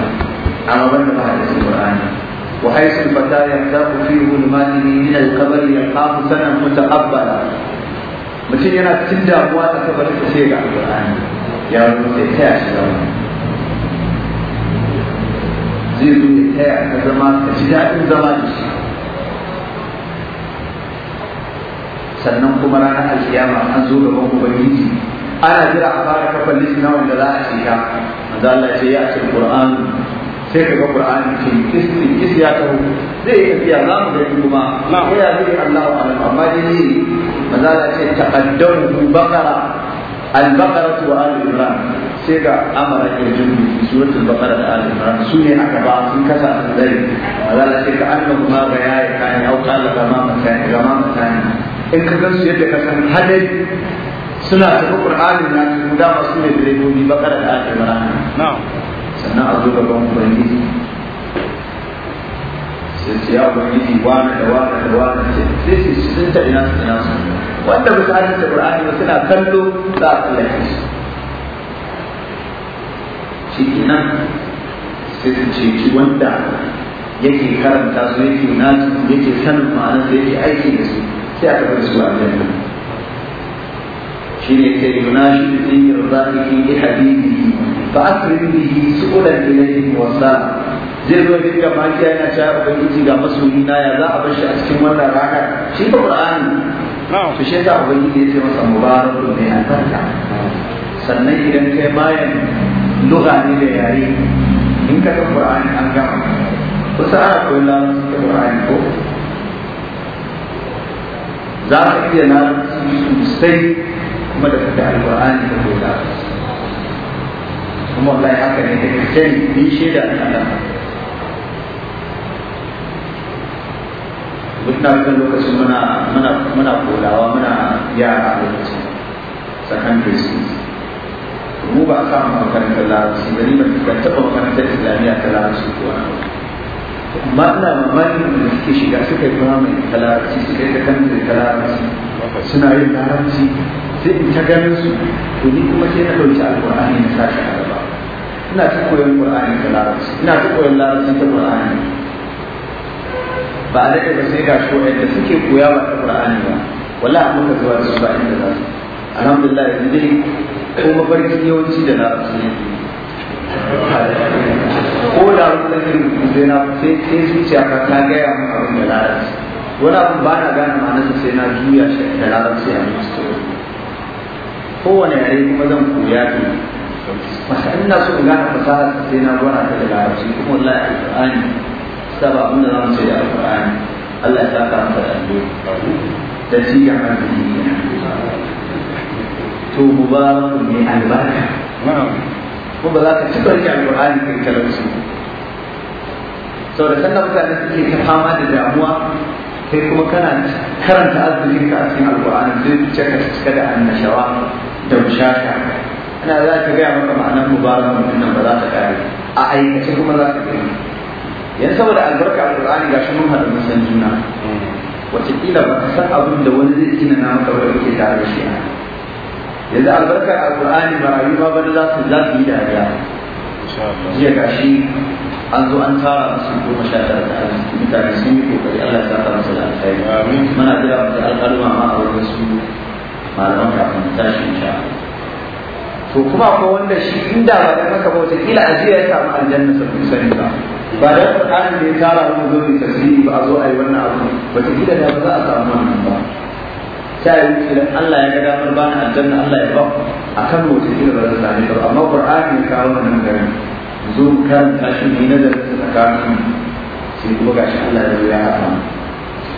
a ban da ba a cikin Qur'ani wa haythu al-fata ku fi hulmatihi min al-qabr yaqamu sanan mutaqabbala mutum yana cikin damuwa a kabarin sai ga Qur'ani ya sai ta shi zai zo ya taya ka zama ka ji daɗin zama da shi sannan kuma ranar alkiyama an zo gaban ubangiji ana jira a fara kafan list wanda za a shiga manzo Allah ya ce ya ce Qur'an sai ka ga Qur'ani ce kisti kisti ya taho zai yi tafiya za mu gani kuma na ya zai Allah wa alam amma dai ne manzo Allah ya ce taqaddamu baqara al-baqara wa al-imran sai ga amara ke jirgi suratul Bakara baqara da al-imran su ne aka ba sun kasa dai dare Allah ce ka annahu ma ga yayi kai au qala kama mata kama mata in ka gansu yadda ka san hadai suna tafi qur'anin na tafi guda masu ne ba kada da ake mara sannan a zo gaban ubangiji sai ce ya ubangiji wani da wani da wani ce sai su su sun tabi nasu da nasu wanda ba su hadisa qur'ani ba suna kallo za a tsallake shi shi kenan sai su ki wanda yake karanta su yake nasu yake sanin ma'anarsa yake aiki da su sai aka bar su a aljanna شيني كي يناشد في إرضائك لحبيبه فأسرم به سؤلا إليه وسام zai zo dinga makiya yana cewa ubangiji ga masoyi na ya za a bar shi a cikin wannan rana shi ba qur'ani to shi yasa ubangiji ya ce masa mubarakun a albarka sannan idan kai bayan lugha ne da yare in ka ga qur'ani an gama kusa ana koyon qur'ani ko za ka iya larabci sosai kuma da suka alƙur'ani da doka kuma wallahi haka ne da kristiyan ni shaida a kan muna kan lokacin muna muna muna kolawa muna yara a lokacin secondary school mu ba a samu makarantar larabci da ni ban taɓa makarantar islamiyya ta larabci ko wani amma ina da suke shiga suka yi firamare ta larabci suka yi secondary ta larabci suna yin larabci sai in ta ganin su to ni kuma sai na ɗauki alƙur'ani na sashi a gaba ina ta koyon ƙur'ani ta larabci ina ta koyon larabci ta ƙur'ani ba a daɗe ba sai ga shi waɗanda suke koya ba ta ƙur'ani ba wala a muka zuwa da su ba inda za su alhamdulillah yanzu dai ko mafarki yawanci da larabci ne ko da rubuta ne rubuta na sai zuciya aka ta gaya min abin da larabci wani abin ba na gane ma'anarsa sai na juya shi da larabci a cikin kowane yare kuma zan koya ki masa ina so in gane ta sai na gwana ta da larabci kuma wallahi ta ba abinda mu ce da alqur'ani Allah ya saka hankali da alheri da ci ga hankali to ku ne albarka ko ba za ka ci barki alqur'ani kai talauci saboda sannan mutane suke ta fama da damuwa kai kuma kana karanta azumin ka a cikin alƙur'ani zai ka cika da annashawa da bushaka ana za ka gaya maka ma'anar mubarakun din nan ba za ta kare a aikace kuma za ka gani yanzu saboda albarka alƙur'ani ga shi mun haɗu mun san juna wataƙila ba ka san abin da wani zai tina na maka wanda kake tare da shi a yanzu albarkar alƙur'ani ba rayuwa ba da za su yi dariya jiya gashi an zo an tara musu goma sha tara da arziki mutane sun yi kokari Allah ya saka musu da alkhairi muna jira musu alƙalma ma a wurin su malaman kafin tashin sha to kuma ko wanda shi inda ba da maka bauta kila ajiya ya samu aljanna sabbin sani ba ba da Qur'ani da ya tara mu zo ne tafsiri ba a zo ayi wannan abu ba ta kila da ba za a samu wannan ba ta yi kiran Allah ya ga damar bani aljanna Allah ya ba akan bauta kila ba za a samu ba amma Qur'ani ya kawo wannan garin zo karanta shi ne na su tsakanin sai kuma shi Allah ya ya haka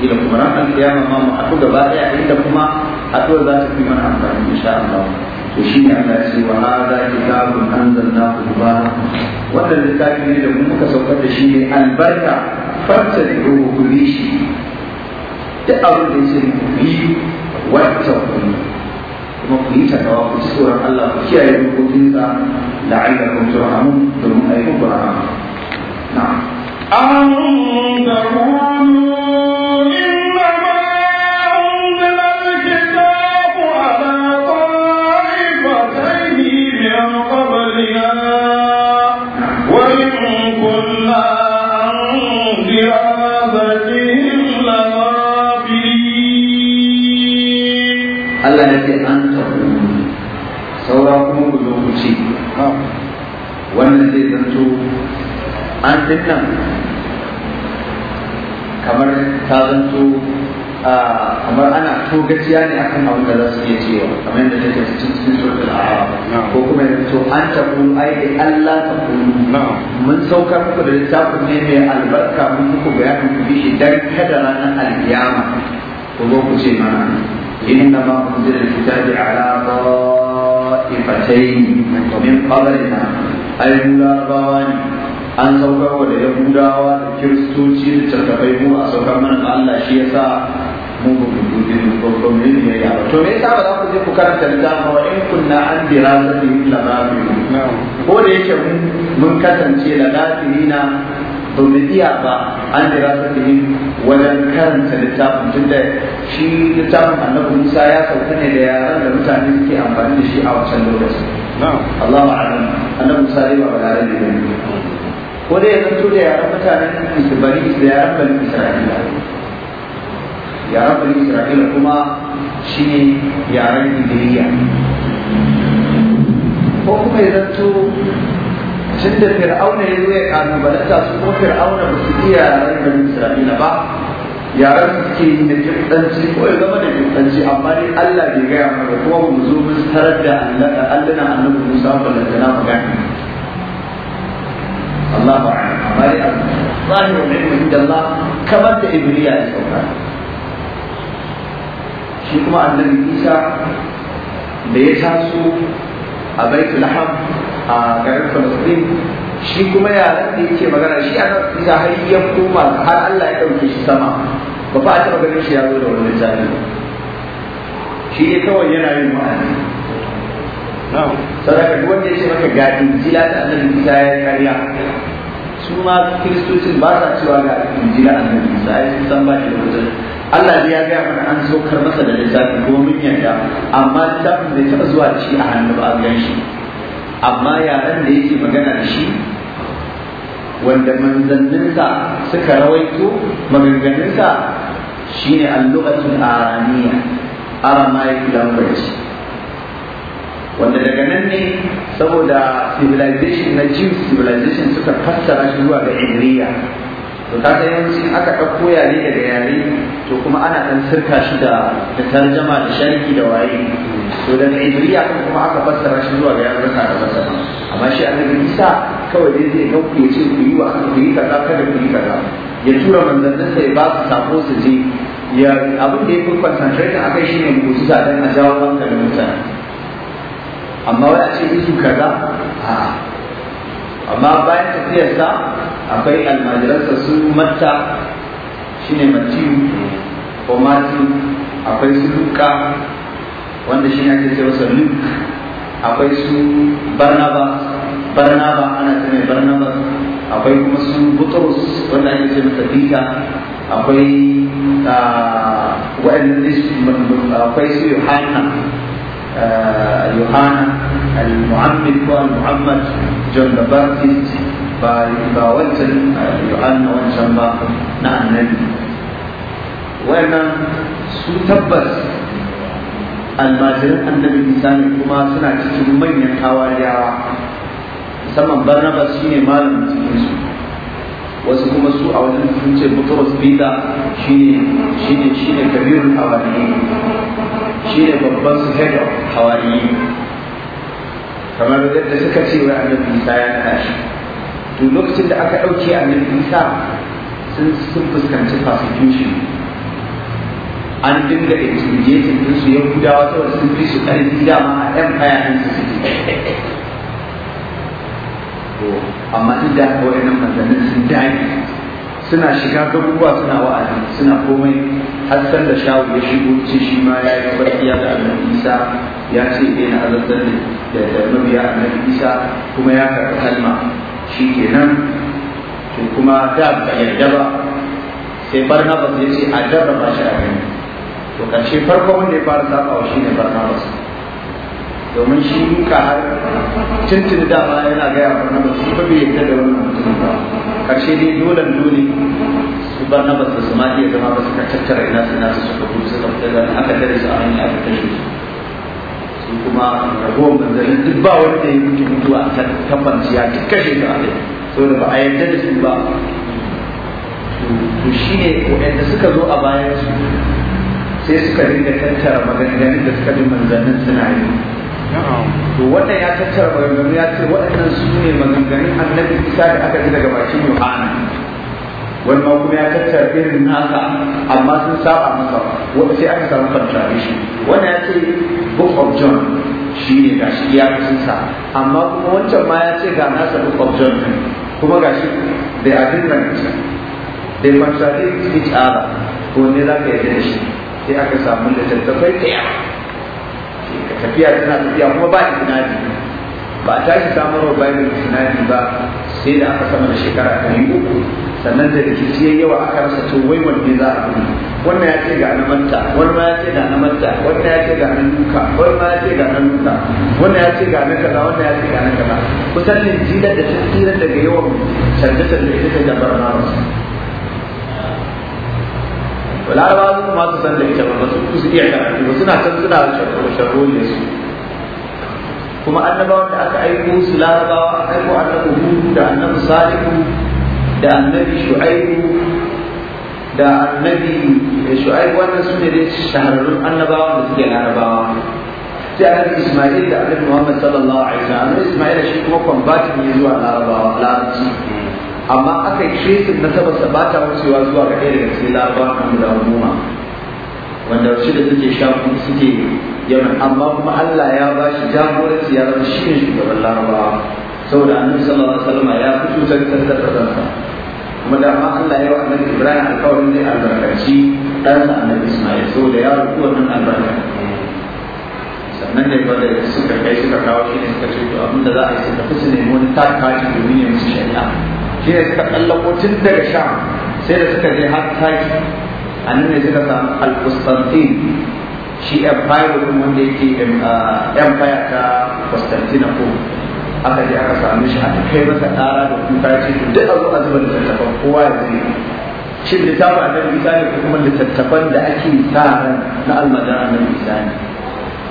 ila kuma ran alƙiyama ma mu haɗu gaba ɗaya inda kuma haɗuwar za ta fi mana amfani insha Allah to shi ne Allah ya ce wa hadha kitabun anzalnahu mubarak wannan littafi ne da mu muka saukar da shi ne albarka farta da ruhu shi duk abin da ya ce ku yi wata kuma kuma ku yi takawa ku ji tsoron Allah ku kiyaye dokokinsa la'allakum turhamun domin ayyukan rahama na'am amantu an nan kamar ta zanto kamar ana to gaciya ne akan abin da za su iya cewa kamar yadda take cikin cikin surtul a'raf ko kuma yadda to an ta ku ai da Allah ta ku mun saukar muku da littafin ne mai albarka mun muku bayanin ku bishi dan kada ranar alkiyama ko zo ku ce mana inna ma unzila alkitabi ala qa'ifatayn min qablina ayyul arbawani an saukar wa da yahudawa da kiristoci da cakafai mu a saukar mana da Allah shi yasa mu ba mu dubi mu ba mu yi ne ya to me yasa ba za ku je ku karanta littafin wa in kunna an dirasati illa ma bi ko da yake mun kasance da lafiyina ba mu iya ba an dirasati wajen karanta littafin tunda shi littafin annabi Musa ya sauka ne da yaran da mutane suke amfani da shi a wancan lokaci. Allah wa'alam annabi Musa ya ba balare ne. ko dai ya zanto da yaran mutanen su da yaran bari isra'ila yaran bari isra'ila kuma shi ne yaran idiriya ko kuma ya to tun da fir'auna ya zo ya kalubalanta su ko fir'auna ba su iya yaran bari isra'ila ba yaran ke yi da kirtanci ko ya zama da kirtanci amma ni Allah bai gaya mana kuma mu zo mun tarar da Allah da Allah na annabi Musa balantana magana Allah ba amma dai zahir da ilmi da Allah kamar da ya sauka shi kuma annabi Isa da ya taso a baitul lahab a garin Falastin shi kuma yaran da yake magana shi a Isa har ya koma har Allah ya dauke shi sama ba fa a taɓa ganin shi ya zo da wani littafi shi ne kawai yana yin ma'ana sadaka duk wanda ya ce maka ga injila ta annabi Isa ya karya su ma kiristocin ba sa cewa ga injila annabi Isa ya san ba shi da wajen Allah ya gaya mana an saukar masa da littafi kuma mun yarda amma littafin bai taɓa zuwa da shi a hannu ba a gan shi amma yaren da yake magana da shi wanda manzanninsa suka rawaito maganganunsa shine al-lughatul aramiya arama ya kula da shi wanda daga nan ne saboda civilization na jew civilization suka fassara shi zuwa ga ingiriya to kaga yawanci aka ɗauko yare daga yare to kuma ana ɗan sirka shi da da tarjama da sharki da waye to daga ingiriya kuma aka fassara shi zuwa ga yarurruka da masana amma shi annabi isa kawai dai zai ga ya ce ku yi wa ku yi kaza kada ku yi kaza ya tura manzannin sai ba su sako su je ya abin da ya fi concentrate akai shine mu'jiza dan a jawo hankalin mutane amma wani a ce isu kaza amma bayan tafiyarsa akwai almajiransa su matta shine matiyu ko matu akwai su luka wanda shi ake ce masa luk akwai su barnaba barnaba ana ce mai barnaba akwai kuma su butrus wanda ake ce masa bita akwai ah, waɗannan akwai su yohana ah, yohana المعمد والمعمد جون ذا با wancan yohanna wancan ba na annabi wannan su tabbas almajirin annabi isa ne kuma suna cikin manyan hawariyawa musamman barnabas shine malamin cikinsu wasu kuma su a wajen sun ce buturus bida shine shine shine kabirul hawariyi shine babban su head of hawariyi kamar da suka ce wa annabi isa ya naɗa shi to lokacin da aka dauke annabi isa sun sun fuskanci persecution an dinga intimidating din su gudawa ta wasu sun fi su ƙarfi dama a empire din su suke to amma duk da haka wa'annan manzannin sun dage suna shiga gabuwa suna wa'azi suna komai hassan da shawo ya shigo ce shi ma ya yi barkiya da annabi isa ya ce ke na azabtar da ya annabi isa kuma ya karɓi kalma shi ke nan to kuma da ba yarda ba sai barnabas ya ce a jarraba shi a gani to ƙarshe farko wanda ya fara wa shi ne barnabas domin shi muka har da dama yana gaya wa ba su bai yadda da wannan mutum ba karshe dai dole dole su bar na ba su ma iya zama ba suka tattara ina su na su suka kuma ka fita da aka tare su a hanyar aka tare su su kuma ragowar manzalin duk ba wanda ya mutu mutuwa a ya duk kashe su a kai saboda ba a yarda da su ba to shi ne waɗanda suka zo a bayan su sai suka dinga tattara maganganun da suka bi manzannin suna yi to wannan ya tattara maganganu ya ce waɗannan su ne maganganun annabi isa da aka ji daga bakin yohana wani ma kuma ya tattara irin nasa amma sun saba masa wanda sai aka samu da shi wannan ya ce book of john shi ne ga shi ya sun sa amma kuma wancan ma ya ce ga nasa book of john ne kuma ga shi they da different they contradict each other ko ne za ka yi da shi sai aka samu littattafai ta yawa tafiya tana tafiya kuma ba isnadi ba a tashi samun wa bayan isnadi ba sai da aka sama da shekara ta yi uku sannan da rikici ya yawa aka rasa to wai wanne za a gudu wannan ya ce ga na manta wani ma ya ce ga na manta wannan ya ce ga na duka wani ma ya ce ga na duka wannan ya ce ga na kaza wannan ya ce ga na kaza kusan ne jilar da ta tsira daga yawan canje-canje ita da barna larabawa su ma su san da ita ba su su iya karatu ba suna can suna sharro ne su kuma annabawan da aka aiko su larabawa aka aiko annabi hudu da annabi salihu da annabi shu'aibu da annabi shu'aibu wannan su ne dai shahararrun annabawa da suke larabawa sai annabi isma'il da annabi muhammad sallallahu alaihi wasallam isma'il shi kuma kwambatin ne zuwa larabawa larabci amma aka yi tracing na saba ba ta wucewa zuwa ga ɗaya daga cikin larabawa kan guda goma wanda shi da suke shafu suke yawan amma kuma Allah ya ba shi jagoranci ya zama shi ne shugaban larabawa saboda annabi sallallahu alaihi wasallam ya fi cutar tattar da kansa kuma da ma Allah ya wa annabi Ibrahim alƙawarin zai albarkaci ɗansa annabi Ismail saboda ya rubu wannan albarka sannan ne wanda suka kai suka kawo shi ne suka ce to abinda za a yi suka fi su nemi wani tattakacin domin ya musu shari'a sai ne suka tsallako tun daga sham sai da suka je har taki a nan ne suka samu al-Qustantin shi empire ɗin wanda yake empire ta Constantinople aka je aka samu shi aka kai masa ƙara da kuka ce duk a a zuba littattafan kowa ya zai shin littafin annabi isa ne ko kuma littattafan da ake sa ran na almajan annabi isa ne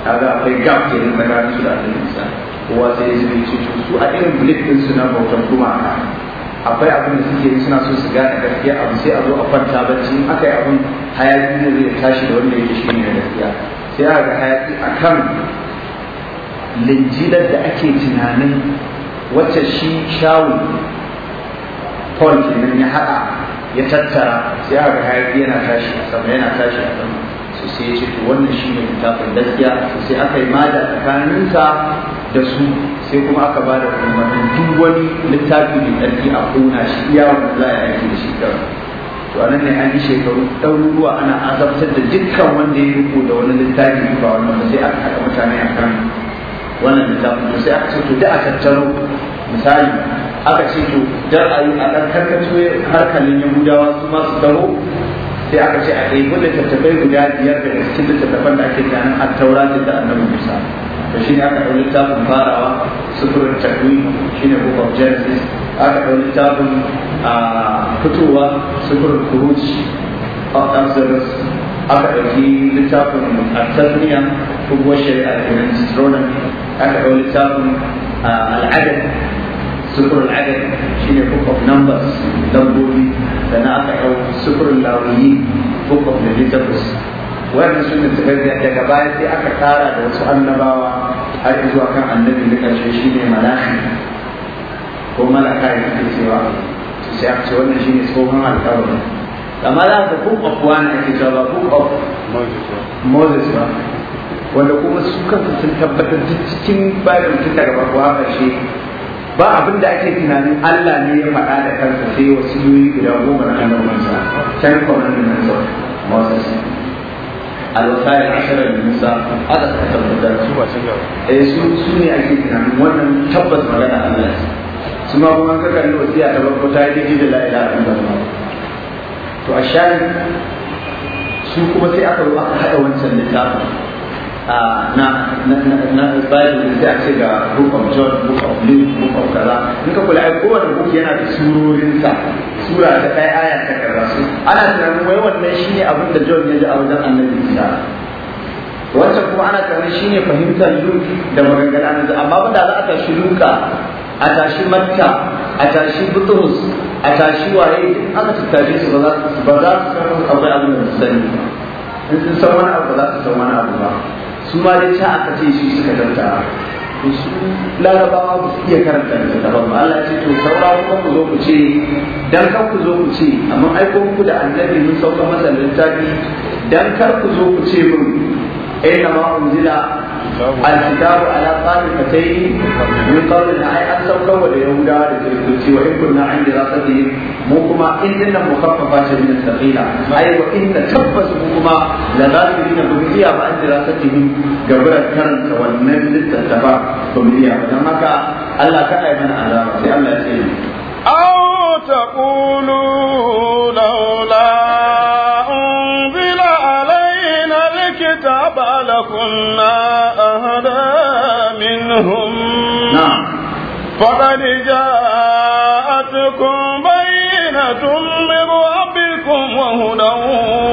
kaga akwai gap ke yin tsakanin su da annabi isa kowa sai ya zai ce su a irin bulletin su na bautan gumaka akwai abin da suke yi suna so su gane gaskiya abu sai a zo a kwanta bacci in aka yi abin hayaki ne zai tashi da wanda yake shi ne gaskiya sai aka ga hayaki akan linjilar da ake tunanin wacce shi shawu paul kenan ya haɗa ya tattara sai aka ga hayaki yana tashi a sama yana tashi a sama to sai ya ce to wannan shi ne littafin gaskiya to sai aka yi mada tsakaninsa da su sai kuma aka ba da umarnin duk wani littafi mai tsarki a kona shi iya wanda za a yi aiki da shi kawai to anan ne an yi shekaru ɗaruruwa ana azabtar da dukkan wanda ya riko da wani littafi ba wannan sai aka haɗa mutane a kan wannan littafin to sai aka ce to da a tattaro misali aka ce to da a yi a ɗan karkato harkalin yahudawa su masu su taro sai aka ce a ɗaibu littattafai guda biyar da cikin littattafan da ake gani a taura da annabi musa to shi ne aka ɗau littafin farawa sufurin takwi shi ne book of genesis aka ɗau littafin fitowa sufurin kuruci of exodus aka ɗauki littafin al kuma shari'a da astronomy aka ɗau littafin al'adad sukur al'adad shine book of numbers lambobi sannan aka ɗau sufurin lawiyi book of leviticus wanda su ne suka daga baya sai aka ƙara da wasu annabawa har zuwa kan annabi da ƙarshe shi ne malaki ko malaka ya ke cewa sai aka ce wannan shi ne tsohon alƙawarin amma za ka book of one ake cewa ba book of moses ba wanda kuma su kansu sun tabbatar cikin bayan mutum daga haka shi. ba abin da ake tunanin Allah ne ya faɗa da kansa sai wasu yoyi guda goma na annabansa can kwanan da nan masu Moses alwasayar ashirar da Musa aka saka tabbatar su ba eh, su su ne ake tunanin wannan tabbas magana Allah su ma kuma ka kalli ya taɓa ko ta yi daidai da la'ila a kan to a shari su kuma sai aka aka haɗa wancan littafin Ah, na na bible da ce ga book of john book of luke book of kaza in ka kula ai kowane book yana da surorinsa sura ta ɗaya aya ta kaza su ana tunanin wai wannan shine abin da john ya ji a wajen annabi isa wacce kuma ana tunanin shine fahimtar luke da maganganun annabi amma ba za a tashi luka a tashi matta a tashi butrus a tashi waye aka tattaje su ba za su ba za su san abin da su sani in sun san wani abu ba za su san wani abu ba su ma dai ta aka ce su suka tantara to su larabawa ba su iya karanta ta ba Allah ce to saura kuma ku zo ku ce dan kar ku zo ku ce amma ai ko ku da annabi mun sauka masa littafi dan kar ku zo ku ce mun ai kama unzila الكتاب على طائفتين من قبل الآية أن سوكوا اليهود والكريستوسي وإن كنا عند دراستهم موكما إن إن مخففات من الثقيلة أي وإن تبس موكما لغالبين بمئية عن دراستهم قبل الكرن والنبل التتبع بمئية فلما الله كأي من أعلى الله يسير أو تقولوا لولا منهم نعم فقد جاءتكم بينة من ربكم وهدى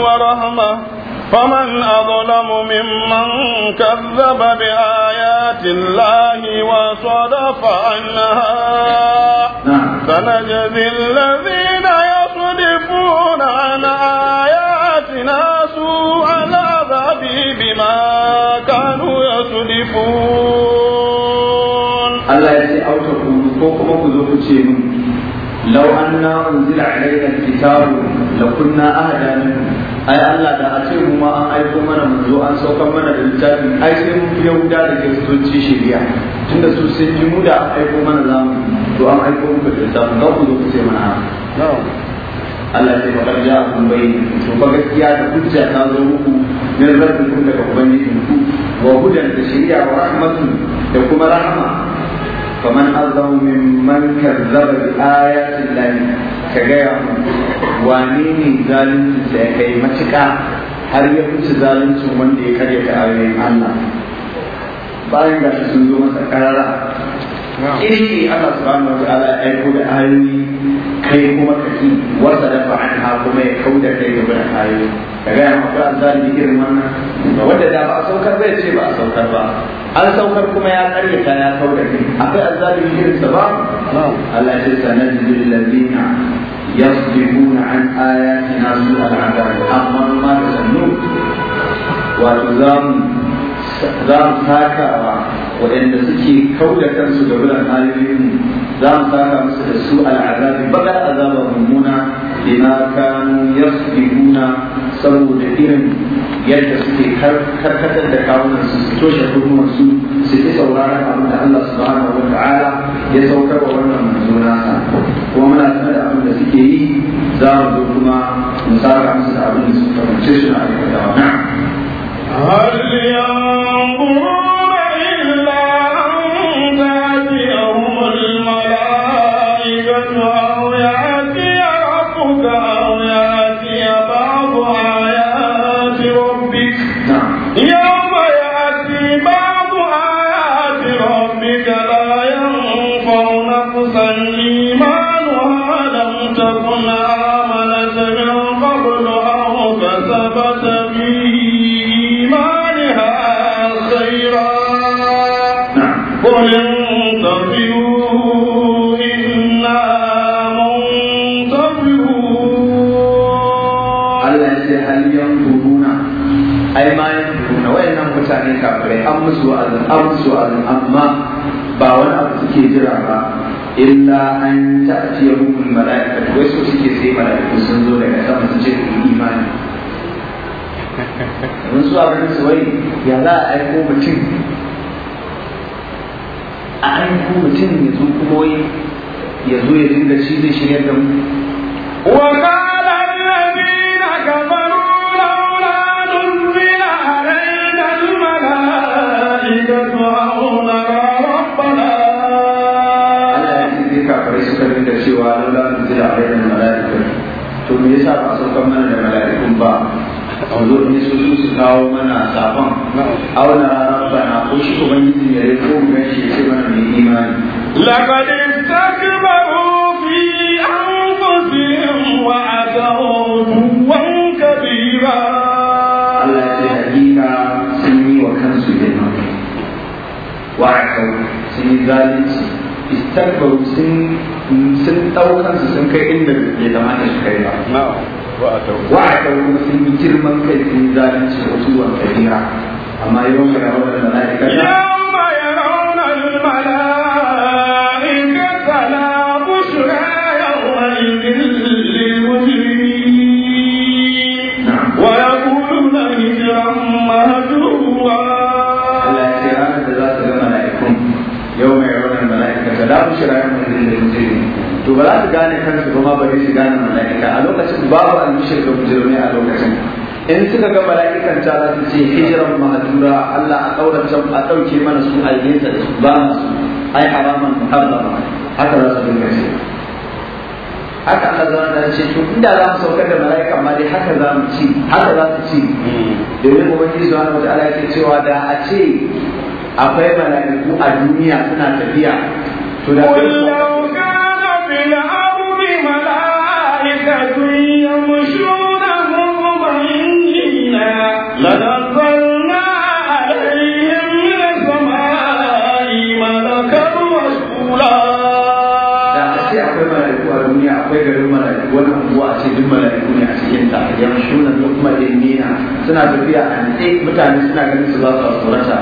ورحمة فمن أظلم ممن كذب بآيات الله وصدف عنها نعم. سنجزي الذين يصدفون عن آياتنا سوء العذاب بما ce min law anna unzila alaina alkitabu lakunna ahda min ai Allah da a ce mu ma an aiko mana manzo an saukar mana da littafin ai sai mun fi yahuda da kiristoci shari'a tunda su sun ji mu da an aiko mana zamu to an aiko mu da littafin za ku zo ku ce mana Allah sai faɗar ja a kun bai to ba gaskiya da hujja ta zo muku min rabbikum daga ubangijinku wa hudan da shari'a wa rahmatun da kuma rahama فمن أظلم ممن كذب بآيات الله كجاية وانيني ظالم سيكي متكا هل يكون ظالم سومن دي كريك آيين الله bayan ga سنزو sun zo masa karara kiri Allah subhanahu wa kai kuma ka ki wasa da fa'an ha kuma ya kauda kai ga bin ayo ka ga ma ka zalimi irin wannan ba wanda da ba a saukar ba ce ba a saukar ba an saukar kuma ya karyata ya kauda kai akwai azzalimi irin sa ba Allah ya ce sanadil ladina yasdibuna an ayatina su'al adab amma ma da sannu wato zamu za mu wa waɗanda suke kauda kansu da wurin hanyoyin za mu saka musu da su ba bada azaba mummuna bima kanu yasbihuna saboda irin yadda suke karkatar da kawunan su su toshe hukumar su su ki sauraron abin da Allah subhanahu wa ta'ala ya saukar wa wannan manzo nasa kuma muna sanar da abin da suke yi za mu zo kuma mu saka musu da abin da suka kamance shi na aikatawa. Har I knew yana wayan nan mutane kafirai an musu wa'azin an musu wa'azin amma ba wani abu suke jira ba illa an ta ajiye hukumin mala'ika wai su suke sai mala'iku sun zo daga sama su ce ku imani mun zuwa ganin su wai ya za a aiko mutum a aiko mutum ya zo kuma wai ya zo ya dinga shi zai shirya da mu wa kala da kamar to me yasa ba saukan mana da mala'ikun ba zo ne su su su kawo mana safan auna rabbana ko shi ko ban ubangiji ko mu ga shi sai mana mai imani laqad istakbaru fi anfusihim wa adawu wa kabira Allah ya ce hakika sun yi wa kansu girma wa sun yi zalunci istakbaru sun sun ɗau su sun kai inda bai kamata su kai ba Wa a kuma sun yi girman kai sun zalunci da ciwon kabira amma yau mai rawar da mala'ika yau mai rawar da to ba za su gane kansu kuma ba su gane mala'ika a lokacin babu yi da mujirmi a lokacin in suka ga mala'ikan ta za su ce hijiran mahadura Allah a kaurace a ɗauke mana su a da su ba masu ai haraman muharrama haka za su dinga ce haka Allah zama da ce to inda za mu saukar da mala'ika ma dai haka za mu ci haka za su ci hmm. domin ubangiji zuwa wata ala yake cewa da a ce akwai mala'iku a duniya suna tafiya to da الملائكة يمشون مطمئنين akwai mala'iku a duniya akwai garin wani unguwa ce ne a cikin ta yamshuna mutmainina suna tafiya a nitse mutane suna ganin su ba su tsorata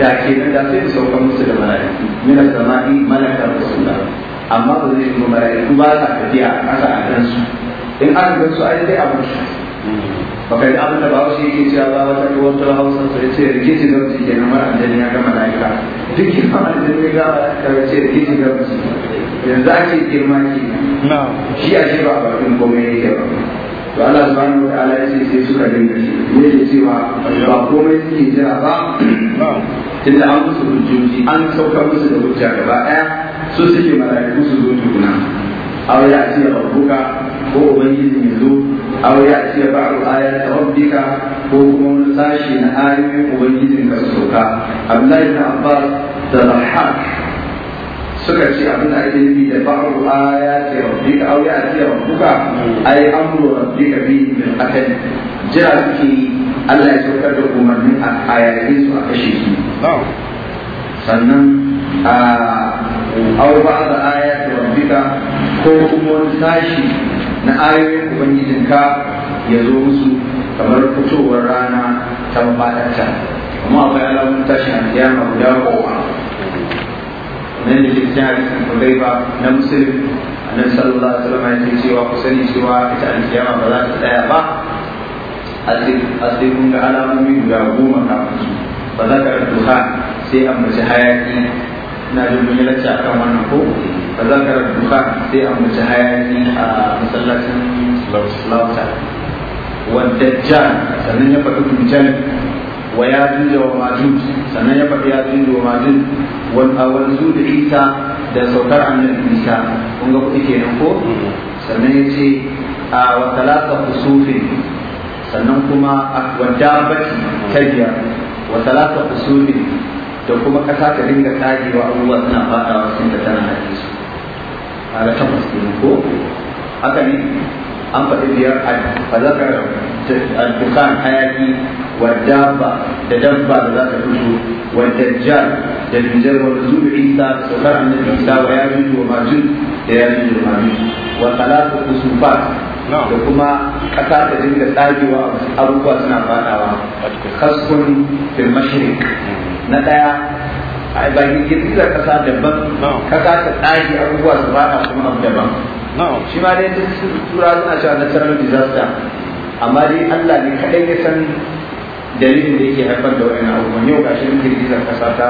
da kenan da sai su sauka musu da mala'iku min as-sama'i malakar rasulullah amma ba zai yi mala'iku ba sa tafiya kasa a su in an gan su ai dai abu shi ba kai abin da ba shi yake cewa ba wata ko wata hausa sai ce ji da mutum kenan mara da ya ga mala'ika duk girma aljani ya ga mala'ika ya ce ji da mutum yanzu ake girma ke shi a shi ba kin komai yake ba to Allah subhanahu wa ta'ala ya ce sai suka dinga shi ne cewa ba komai suke jira ba tunda an musu hujjoji an sauka musu da hujja gaba daya su suke mala'iku su zo tukuna aw ya ce rabbuka ko ubangiji ya zo aw ya ce ba'u ayati rabbika ko kuma wani sashi na ayoyin ubangijin ka su sauka Abdullahi ibn Abbas da Rahak suka ce abin da ake nufi da ba'u aya ta rabbi ka auya ta rabbi ka ai amru rabbi ka bi min akan jira suke Allah ya saukar da umarni a ayayin su a kashe su sannan a au ba da aya ta rabbi ka ko kuma wani sashi na ayoyin ubangijinka ya zo musu kamar fitowar rana ta mafaɗarta amma akwai alamun a kiyama guda goma kamar yadda ke jihar Mugaiba na Musulun nan sallallahu alaihi wasallam ya ce cewa ku sani cewa ita alkiyama ba za ta tsaya ba a sai kun ga alamomi guda goma kafin su ba za ka ha sai an mace hayaki na jin mun yi lacca akan wannan ko ba za ka ha sai an mace hayaki a masallacin lauta wadda jan sannan ya faɗi dujjal wa ya juja wa majuj sannan ya faɗi ya juja wa majuj su da isa da saukar annabi isa kun ga kuɗi kenan ko sannan ya ce a wa kusufin sannan kuma a wa baki ta biyar wa kusufin da kuma ƙasa ta dinga wa abubuwa suna faɗawa sun da tana haƙe su a ga takwas ko haka ne an faɗi biyar a fazakar dukkan hayaki wa dabba da dabba da za ta fito wa dajjal da dajjal wa zubi isa da an nabi isa wa ya juju wa majun da ya juju wa majun wa talatu kusufat da kuma ƙasa ta dinga tsagewa abubuwa suna fadawa kaskun fil mashriq mm. na ɗaya a bakin girgizar ƙasa daban ƙasa ta tsage abubuwa su fada kuma abu daban shi ma dai duk tura suna cewa nasarar disaster amma dai Allah ne kaɗai ya san dalilin da yake haifar da wa'in abubuwan yau gashi mun girgizar kasa ta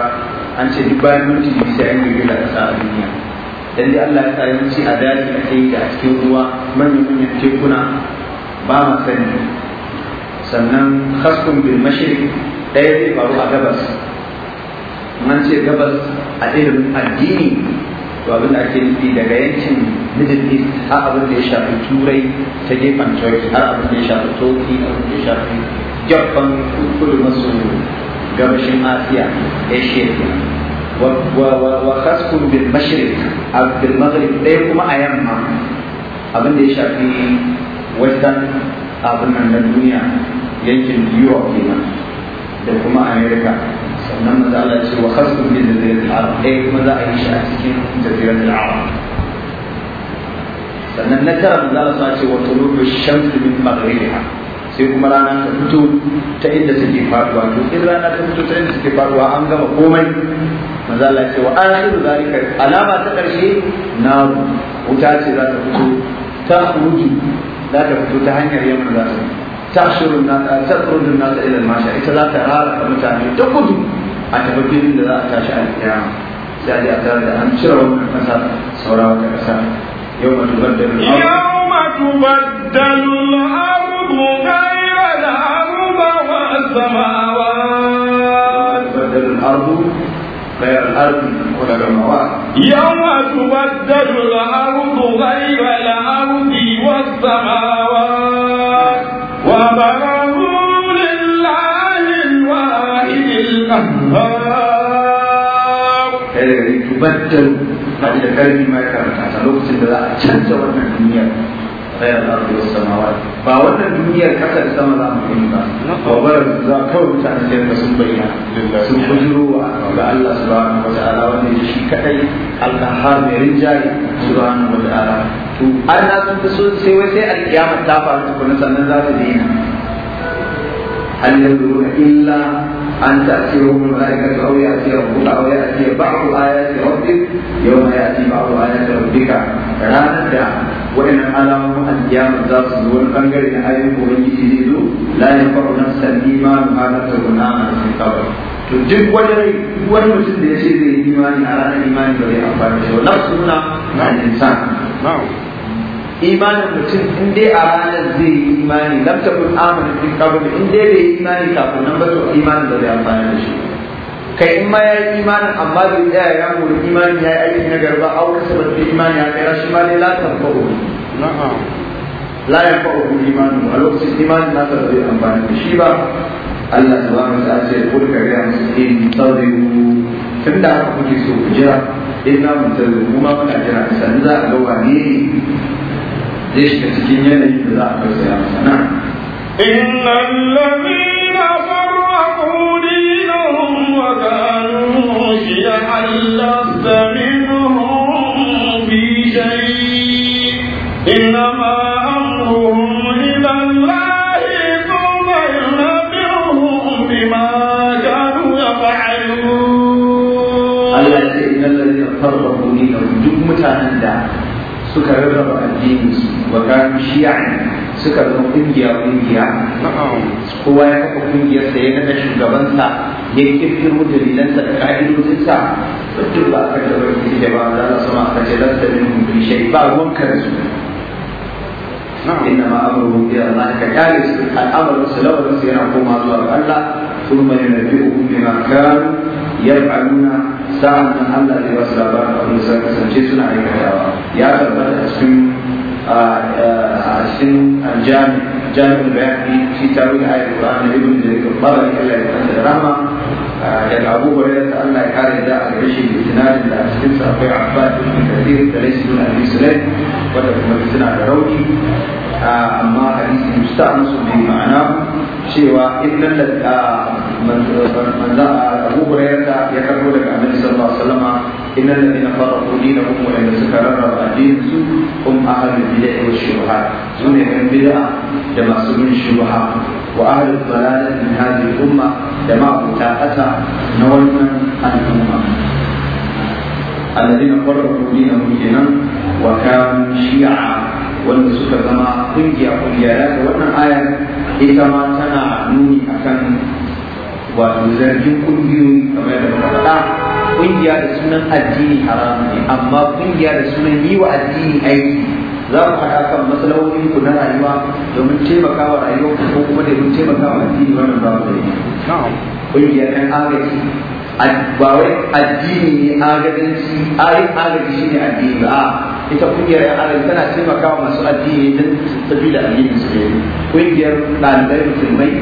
an ce duk bayan minti biyu sai an girgizar kasa a duniya dan dai Allah ya sa ci a daji ke yi da a cikin ruwa manyan manyan tekuna ba ma sani sannan haskun bil mashirik ɗaya zai faru a gabas an ce gabas a irin addini to abin da ake nufi daga yankin middle east har abin da ya shafi turai ta gefen turkey har abin da ya shafi toki abin da ya shafi jabban kudu maso gabashin asiya shirya wa kaskun bil a bin maghrib ɗaya kuma a yamma abin da ya shafi western abin nan na duniya yankin europe kenan da kuma america sannan maza Allah ce wa khasbun da zai al-arab ɗaya eh, kuma za a yi shi a cikin jazirat da arab sannan na tara maza Allah sa ce wa tulubu shams min maghribiha sai kuma rana ta fito ta inda take faruwa, to in rana ta fito ta inda take faruwa an gama komai maza Allah ce wa akhiru zalika alama ta karshe na wuta ce za ta fito ta huji za ta fito ta hanyar yamma za ta fito تأشر الناس آه، تخرج الناس إلى المعشى إذا لا ترى متعني تقضوا أتبقين إن لا أتاشى القيامة سألي أترى أن شرعوا مثلا سورة كأسا يوم تبدل الأرض يوم تبدل الأرض غير الأرض والسماوات تبدل الأرض غير الأرض والسماوات يوم تبدل الأرض غير الأرض والسماوات النهار تبدل بعد كلمة ما كانت على وقت لا تنسى ولا الدنيا غير الأرض والسماوات فأول الدنيا كسر السماء لا مهم وبرز ذا كون تعالى سيدنا سنبيا سنحجروا الله سبحانه وتعالى وأن شيكتي النهار برجال سبحانه وتعالى أنا سنتسون سوى سيئة القيامة تابعة تكون سنة ذات دينا هل يدرون إلا أن تأتيهم الملائكة أو يأتي ربك أو يأتي بعض آيات ربك يوم يأتي بعض آيات ربك رانا دا وإن علامهم القيامة ذات صدور فانقر إن قرنجي وبنجي لا ينفع نفسا إيمانها لم تكن آمنت من قبل to duk wani rai wani mutum da ya ce zai imani a ranar imani imanin mutum in dai a ranar zai yi imani lam takun amana fi qabl in dai bai yi imani kafin nan ba to imanin da zai amfana da shi kai in ma yayi imanin amma bai tsaya ya mori imani yayi aiki na garba au kasabar da imani ya tsaya shi ma ne la tanfa'u na'am la yanfa'u imanu a lokacin imanin na da zai amfana da shi ba Allah subhanahu wa ta'ala sai kulka ga musu tun da aka kuke so ku jira in na mutum kuma muna jira sannan za a ga wane değişik etkin yine iktidar göstermesine. إن الذين فرقوا دينهم وكانوا شيعا لست منهم في شيء إنما أمرهم إلى الله ثم ينبئهم بما كانوا يفعلون. الذين الذين فرقوا دينهم دون متعهدا سكر الدين وكانوا شيعا suka zama kungiya kungiya kowa ya kafa kungiyar sa ya nada shugabansa ya kirkiro dalilansa da ka'idodinsa duk ba aka da wani da ba za su ma aka ce lasta min ba ruwan kan su inna ma amru bi Allah ka kare su al'amarin su lawarin su yana koma zuwa ga Allah kuma yana bi uku bi kan yar'aluna sa'an Allah ya wasu labarin abin da kasance suna aikatawa ya tabbata cikin أحسن الجامع جامع البيهقي في تاويل آية القرآن لابن جرير الطبري ألا يتأثر رحمه daga Abu Hurairah Allah ya kare da albashi isnadin da cikin sa akwai Abbas ibn Kathir da Laysu ibn Abi Sulaym wanda kuma suna da rauni amma hadisi musta'an su bi ma'ana cewa innal manza Abu Hurairah ya karbo daga Annabi sallallahu alaihi wasallam innal ladina farqu dinahum wa lam yaskarru adinsu hum ahlul bid'ah wa shubuhat sune kan bid'a da masu bin shubuhat وأهل الضلالة من هذه الأمة جماعة تاقسى نولنا الأمة الذين فرقوا دينهم كنا وكانوا شيعا wanda suka zama kungiya kungiya ya ga wannan ayar ita ma tana nuni akan wato zargin kungiyoyi kamar da muka faɗa kungiya da sunan addini haramu ne amma kungiya da sunan yi wa addini aiki za mu haɗa kan matsalolin ku na rayuwa domin taimakawa rayuwar ku ko kuma domin taimakawa addini wannan ba mu da yi ƙungiyar ɗan agaji ba wai addini ne agadanci ayin agaji shi ne addini ba ita ƙungiyar ɗan agaji tana taimakawa masu addini don sabida addinin su ne ƙungiyar ɗalibai musulmai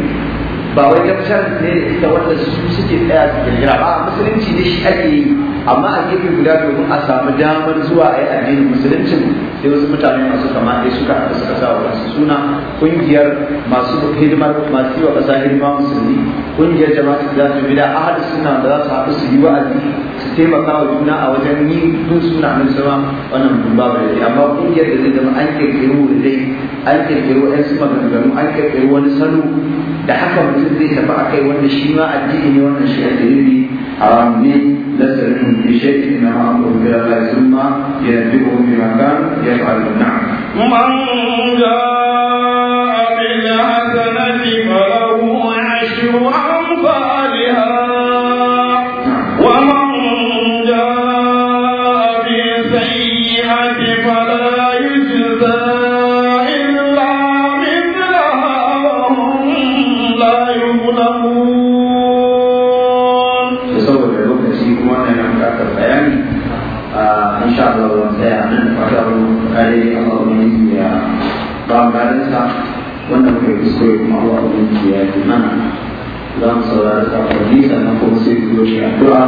ba wai gabshar ne da ita wanda su suke tsaya su kirkira ba musulunci ne shi ake yi amma a gefe guda domin a samu damar zuwa a yi addinin musulunci sai wasu mutane masu kama da suka haɗu suka sa wa suna kungiyar masu hidimar masu yi wa ƙasa hidima musulmi kungiyar jama'a da su da ahad suna da za su haɗu su yi wa'azi su taimaka wa juna a wajen yi Tun suna min sama wannan mutum ba da amma kungiyar da zai zama an ƙirƙiro da dai an ƙirƙiro ƴan su maganganu an ƙirƙiro wani salo da haka mutum zai tafi a kai wanda shi ma addini ne wannan shi addini ne ne لست منهم في شيء انما أمرهم الى الله ثم ينبئهم بما كانوا يفعلون نعم من جاء fungsi mawar di mana dan saudara tak pergi sama fungsi dunia doa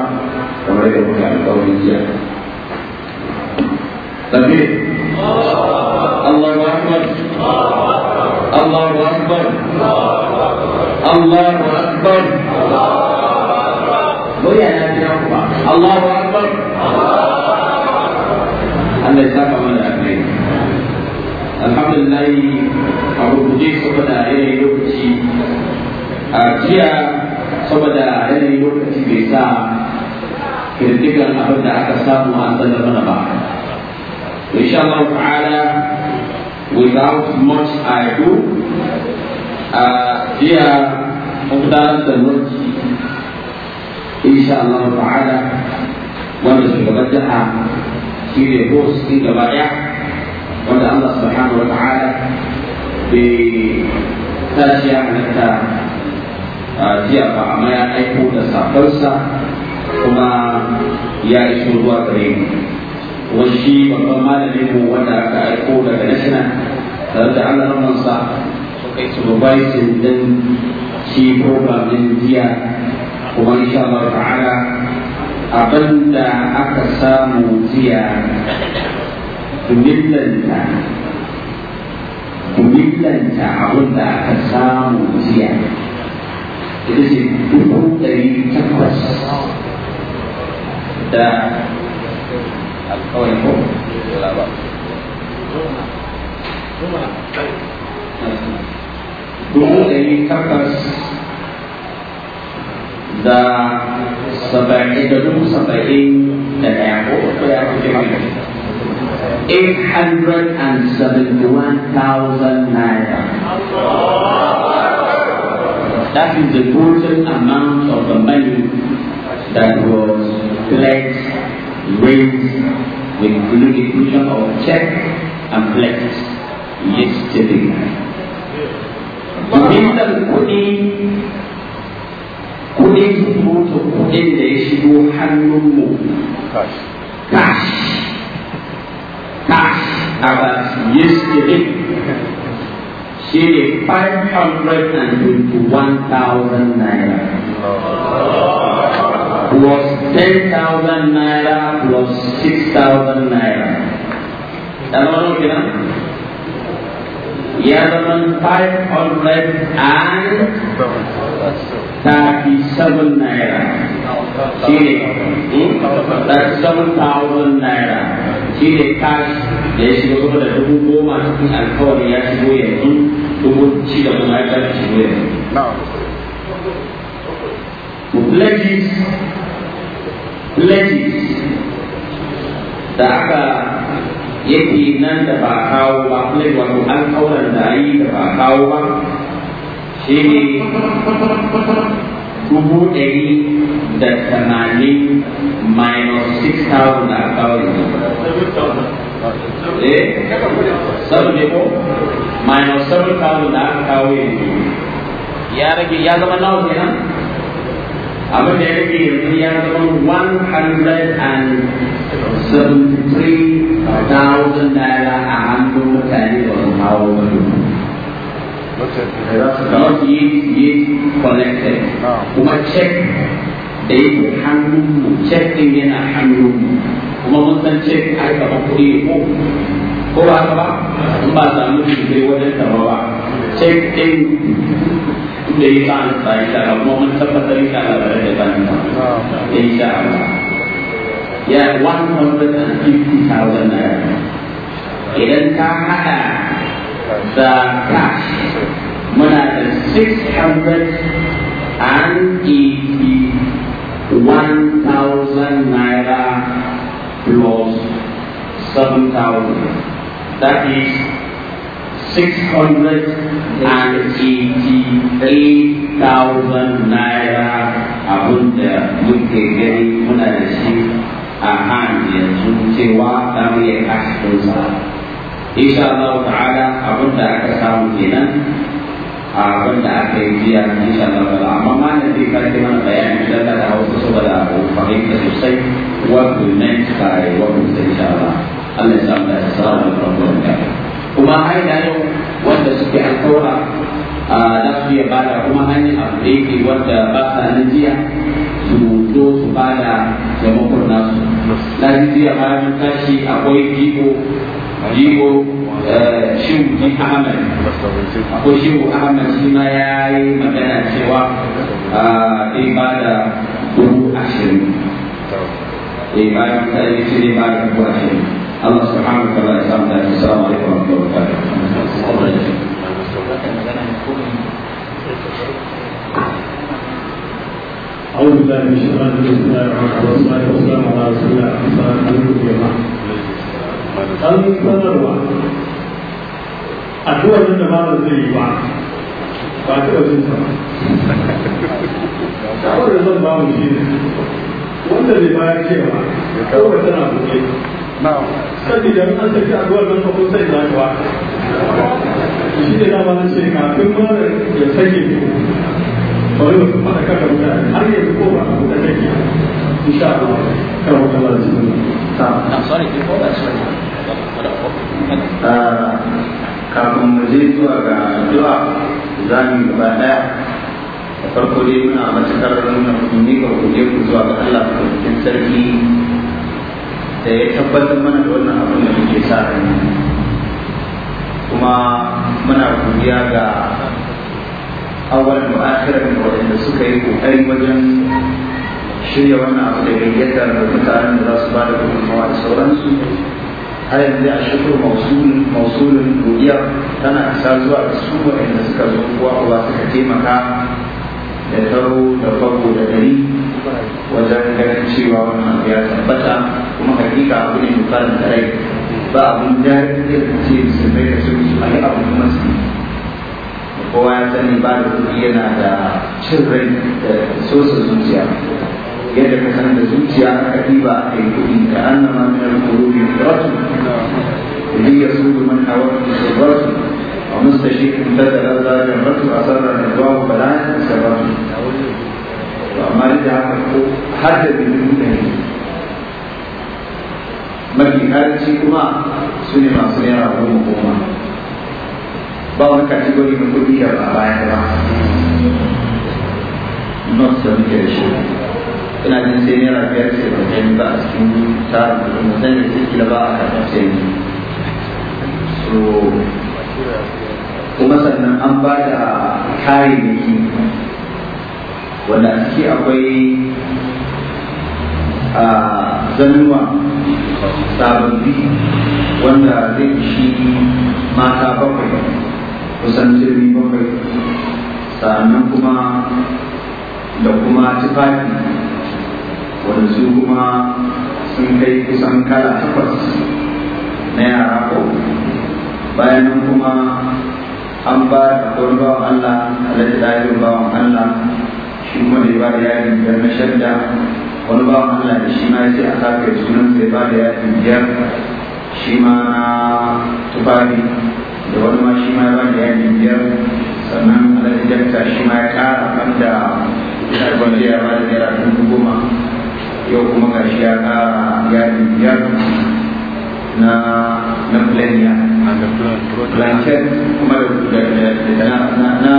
mereka bukan tahu dia tapi Allah Akbar Allah Akbar Allah Akbar boleh nanti apa Allah Akbar Anda siapa mana Alhamdulillah a gurguje saboda yanayin lokaci a jiya saboda yanayin lokaci bai sa kirkiran abin da aka samu a tsallar mana ba insha Allah ta'ala without much ado a jiya mun da mulki insha Allah ta'ala wanda shugaban jiha shi ne host gaba ɗaya wanda Allah subhanahu wa ta'ala Ah, ah, bai tashi ya halitta a jiya ba a maya aiko da safarsa kuma ya iso zuwa gare mu kuma shi babban malamin mu wanda aka aiko daga national tare da Allah ramansa suka supervising din shi program din jiya kuma insha Allah ta'ala abinda aka samu jiya millanta không Sembilan tahun tak bersama usia Itu sepuluh dari cakwas Dan Apa yang pun Lawak Rumah Dulu dari kapas Dan sebagai dulu sampai dan aku, aku yang aku 871,000 naira. That is the total amount of the money that was pledged, raised, with the inclusion of check and pledged yesterday. it. She is 501,000 naira. Plus 10,000 naira plus 6,000 naira. That's all okay, huh? Ya zaman 537 naira. Sini. Hmm? That's 7,000 naira. sini ne ya shiga kuma da dubu goma cikin ya shigo yanzu dubu shida kuma ya tafi shigo Pledges, pledges da aka yake nan da ba kawo ba, pledge wato alkawaran da a yi minus 6,000 and 1,000. Eh? Seven people? Minus 7,000 and 1,000. Ya rage ya zama nawa kenan? Abin da ya rage yanzu ya zama 173,000 naira a hannun mutane da su hawo gado. Not yet collected. Kuma check da yake cek din yana hannunmu kuma mun san cek a gaba kuɗi ko ko ba haka ba in ba samu cek da ya sa kuma mun tabbatar ya sa da ya yi sha Allah ya 150,000 naira idan ka haɗa da cash muna one thousand naira plus seven thousand. That is six hundred and eighty-eight thousand naira abunda muke gani muna da shi a hand yanzu cewa za mu iya kashe Insha Allah ta'ala abunda aka samu kenan abin da aka yi jiya insha Allah amma malam zai karfe mana bayani dalla da hausa saboda ku fahimta sosai what we meant by what we said insha Allah Allah ya samu da salamu alaikum kuma har da yau wanda suke alƙawara za su iya bada kuma an yi abu da yake wanda ba sa na jiya su zo su bada taimakon nasu na jiya bayan tashi akwai jigo jigo shin ni ahmad akwai shehu ahmad shi ma ya yi magana cewa zai ba da dubu ashirin eh bayan mutane su ne ba da dubu ashirin Allah subhanahu wa ta'ala ya samu da assalamu alaikum wa rahmatullahi wa barakatuh أعوذ بالله من الشيطان الرجيم بسم الله الرحمن الرحيم والصلاة والسلام على رسول الله صلى الله عليه وسلم an sanarwa a duwannan da malam zai yi ba ba ta wajen sama kawai da zan bamu shi ne wanda zai bayar cewa kawai tana buɗe sabida an tafi addu'ar nan ko sai za ta shi ne dama na ce kafin malam ya sake ku bari mu fara kafa mutane har yanzu ko ba ku da take insha Allah kan ta ah, sorry ko da zuwa ga addu'a za mu gaba ɗaya, da farko dai muna matukar nuna mutunni ga kuje ku zuwa ga Allah cikin sarki da ya tabbatar mana da wannan abin da muke sa rai kuma muna godiya ga awal da akhirar da waɗanda suka yi ƙoƙari wajen shirya wannan abu da gayyatar da mutanen da za su ba da gudunmawa da sauransu har yanzu a shukuru mausulin godiya tana isa zuwa da su waɗanda suka zo kuwa kuwa suka taimaka da taro da fago da gari wajen ganin cewa wannan abu ya tabbata kuma hakika abu ne mai farin da rai ba abun jari da ce musulmai da sun su ayi abu kuma su kowa ya sani ba da kuɗi yana da cin rai da sosa zuciya yadda ka san da zuciya aka ɗiba a yi kuɗi ka annama min al-qulubi fitratu li yasudu man hawatu sirratu wa mustashik tadala la jarratu asara al-dawa fala sabatu to amma da haka ko har da bidin da ne mafi karanci kuma su ne masu naira goma goma ba wani kategori na kuɗi da ba baya ba not da muke da shi suna jin sai naira biyar ce ban ta ba a cikin tarin kudin ba zan yi da ba a karɓar sai ni so kuma sannan an ba da kayayyaki wanda a ciki akwai a zanuwa sababbi wanda zai shi mata bakwai kusan jirgin bakwai sannan kuma da kuma tufafi wanda su kuma sun kai kusan kala takwas na yara ko bayan kuma an ba da kawai bawan Allah alhaji ɗalibin bawan Allah shi kuma da ya ba da yakin biyar na shadda wani bawan Allah da shi ma ya ce a sake sunan sai ba da yakin biyar shi ma na tufafi da wani ma shi ma ya ba da yakin biyar sannan alhaji dakta shi ma ya ƙara kan da ya ba da yakin goma yau kuma ga shi ya ƙara yadi biyar na na plenia blanket kuma da da na na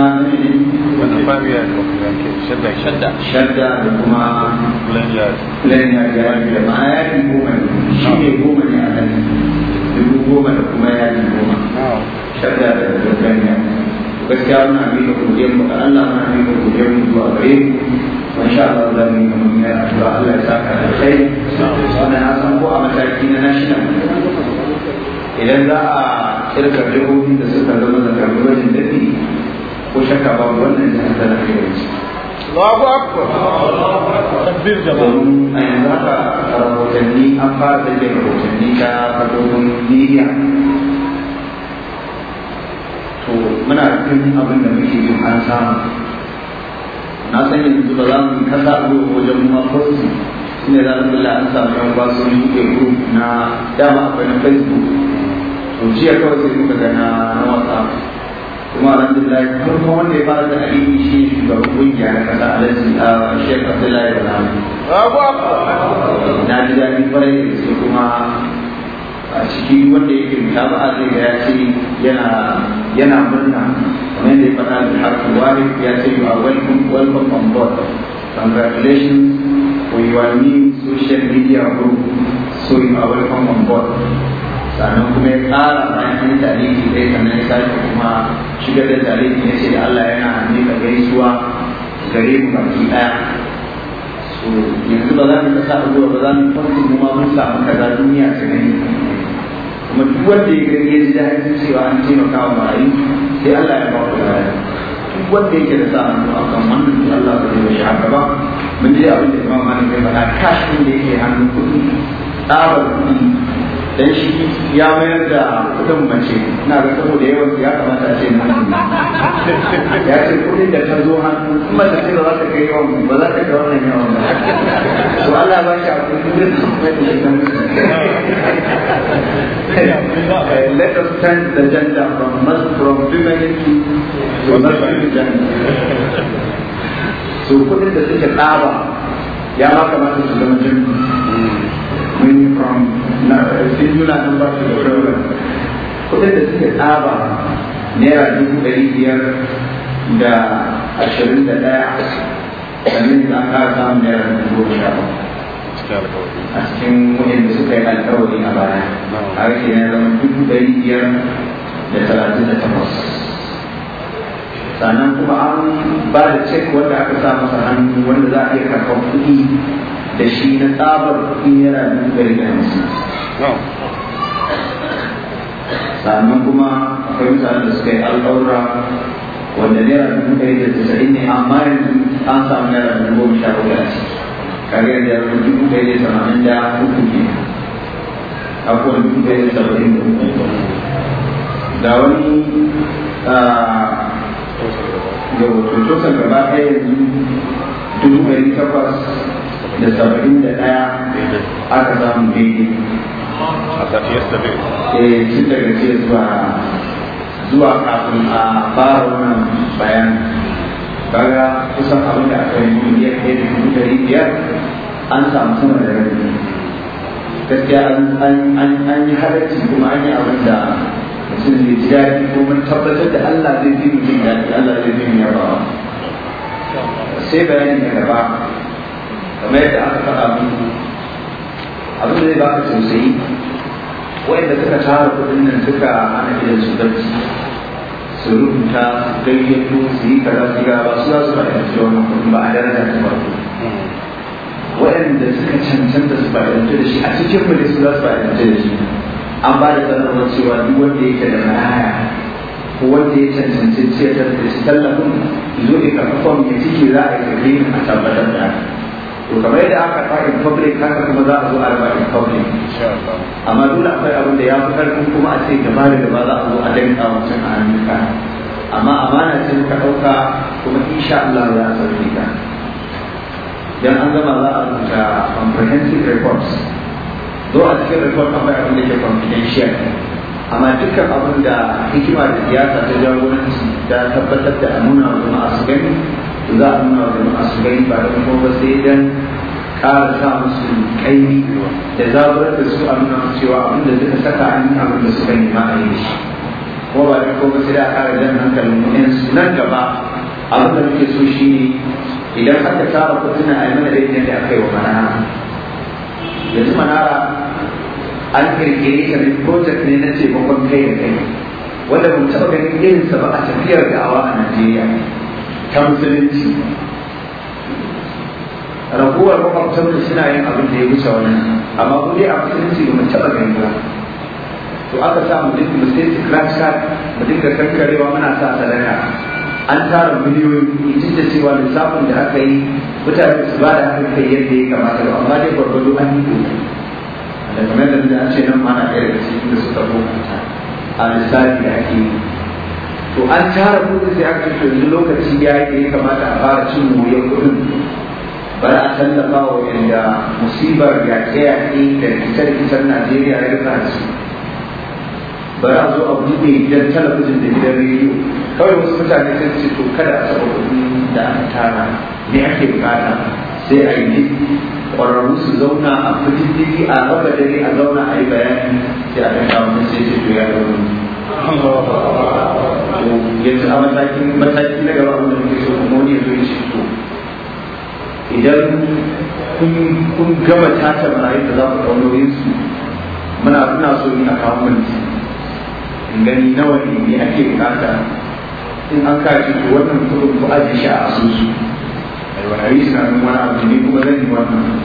wannan famiya da kuma shadda shadda shadda da kuma plenia plenia da yadi da ma yadi goma ne shi ne goma ne a nan dubu goma da kuma yadi goma shadda da plenia gaskiya wani abin da kujiyar mu da Allah muna bi da kujiyar mu zuwa gare mu insha Allah za mu yi kamar mai addu'a Allah ya saka alkhairi wannan na san ko a mataki na national idan za a kirka jihohin da suka zama da karburin daɗi ko shakka ba wannan jihar da na kai Allahu Akbar tabbir jama'a a yanzu haka rahotanni an fara da ke rahotanni ta fadogin Libya to muna cikin abin da muke yin an samu na san yanzu ba za mu kasa a wajen kuma fosu shi ne za mu kula an samu yan basu ne ke group na dama akwai na facebook to jiya kawai sai muka ga na whatsapp kuma alhamdulillah farko wanda ya fara da aiki shi ne shugaban kungiya na kasa alhaji a shek abdullahi da rami na ji daɗi kwarai da su kuma a ciki wanda yake mutaba'a zai ga ya ce yana murna kamar yadda ya faɗa da harkar wari ya ce you are welcome welcome on board congratulations for your new social media group so you are welcome on board sannan kuma ya ƙara bayan tarihi zai sannan ya sake kuma shigar da tarihi ya ce da Allah yana miƙa gaisuwa gare mu baki ɗaya so yanzu ba za mu ta sa abuwa ba za mu kwanci mu ma mun samu kaza duniya ta gani kuma duk wanda ya gani ya ji daɗin cewa an taimaka wa marayu sai Allah ya ba ku lada duk wanda yake da sa hannu kan wannan sai Allah ba zai bashi haka ba mun je abin da Imam Malik ya faɗa kashin da yake hannun kuɗi tsabar kuɗi dan shi ya mayar da kudin mace na ga da yawan ya kamata ce nan ya ce kudin da ta zo hannu kuma ta ce za ta kai yawan ba za ta ga wannan yawan ba to Allah ba shi akwai kudin da kuma da shi let us turn the gender from mas from femininity to masculinity so kudin da suke tsaba ya ba kamata su zama jami'i when from na sai juna nan ba su da wurin kudin da suke tsaba naira dubu ɗari biyar da ashirin da ɗaya sannan da aka samun naira dubu da sha a cikin wajen da suka yi alkawari a baya a ke na zama dubu ɗari biyar da talatin da takwas sannan kuma an ba da cek wanda aka sa masa hannu wanda za a iya karɓar kuɗi da shi na tsabar in yana dubu ɗari da hamsin sannan kuma akwai mutanen da suka yi alƙawura wanda naira dubu ɗari da tasa'in ne amma yanzu an samu naira dubu goma sha hudu a ciki da yaro dubu ɗari da tamanin da uku ne akwai dubu ɗari da saba'in da uku da wani da ah, wato total gaba ɗaya yanzu dubu ɗari takwas da saba'in da ɗaya aka samu daidai E, tun daga ce zuwa zuwa kafin a fara wannan bayan kaga kusan abin da aka yi miliyan ɗaya da dubu ɗari biyar an samu sama da rabi gaskiya an yi halarci kuma an yi abin da mutum zai ji daɗi ko mun tabbatar da Allah zai ji mutum daɗi Allah zai ji mu yabawa sai bayani na gaba kamar yadda aka faɗa muku abin da zai baka tausayi wanda suka tara kuɗin nan suka ana gidan su barci su rubuta gayyato su yi kaza su ba su za su fahimci wannan kuɗin ba a daraja ta farko waɗanda suka cancanta su ba da da shi a cikin mu su za su ba da shi an ba da sanarwar cewa duk wanda yake da maraya ko wanda ya cancanci ciyar da tallafin zo da karfafon ciki za a yi a tabbatar da haka to kamar yadda aka fa in public haka kuma za a zo a raba in public amma dole akwai abin da ya fi karfin kuma a ce gaba da gaba za a zo a danka mutum a hannunka amma amana ce muka ɗauka kuma insha Allah za a sauke ka dan an gama za a rubuta comprehensive reports zo a cikin report akwai abin da ke confidential amma dukkan abin da hikima da siyasa ta jagoranci da tabbatar da a nuna a jama'a su gani za a nuna wa su gani ba da kuma ba sai dan ƙara sa musu kaimi da zaburar da su a nuna cewa abin suka saka an yi abin da suka nema a yi shi ko ba da kuma sai da ƙara jan hankalin mu'in su nan gaba abin da muke so shi ne idan aka tara kuɗin a yi mana daidai da aka yi wa manara yanzu manara an kirkiri ta ne project ne na bakon kai da kai wanda mun taɓa ganin irinsa ba a tafiyar awa a Najeriya ta musulunci raguwar makwabtanmu suna yin abin da ya wuce wannan amma kuma a da mu taɓa gani ba to aka sa mu dinga mu sai crack shot mu dinga karkarewa muna sa sadaka an tara miliyoyin kuɗi da cewa lissafin da aka yi mutane su ba da hakan kai yadda ya kamata ba amma dai gwargwado an yi kokari da kamar da an ce nan mana ɗaya daga cikin da suka kokanta a lissafi da ake yi to an tara kudin sai aka ce yanzu lokaci ya yi ya kamata a fara cin wuyan kudin bari a tallafa wa yanda musibar ya a yaƙe da rikice-rikicen najeriya ya rika su bari a zo a buɗe gidan talabijin da gidan rediyo kawai wasu mutane sun ce to kada a saba kuɗi da aka tara ne ake bukata sai a yi ƙwararru su zauna a fitindiri a raba dare a zauna a yi bayani sai a ɗan kawo sai ce to ya zama yanzu a matakin mataki na gaba abin da muke so kuma wani yanzu ya ce to idan kun gama tace marayun da za ku ɗaunoyin su muna suna so ni a kawo mun in gani nawa ne ake bukata in an kashi to wannan kuɗin ku ajiye shi a asusu a yi samun wani abu ne kuma zan yi wannan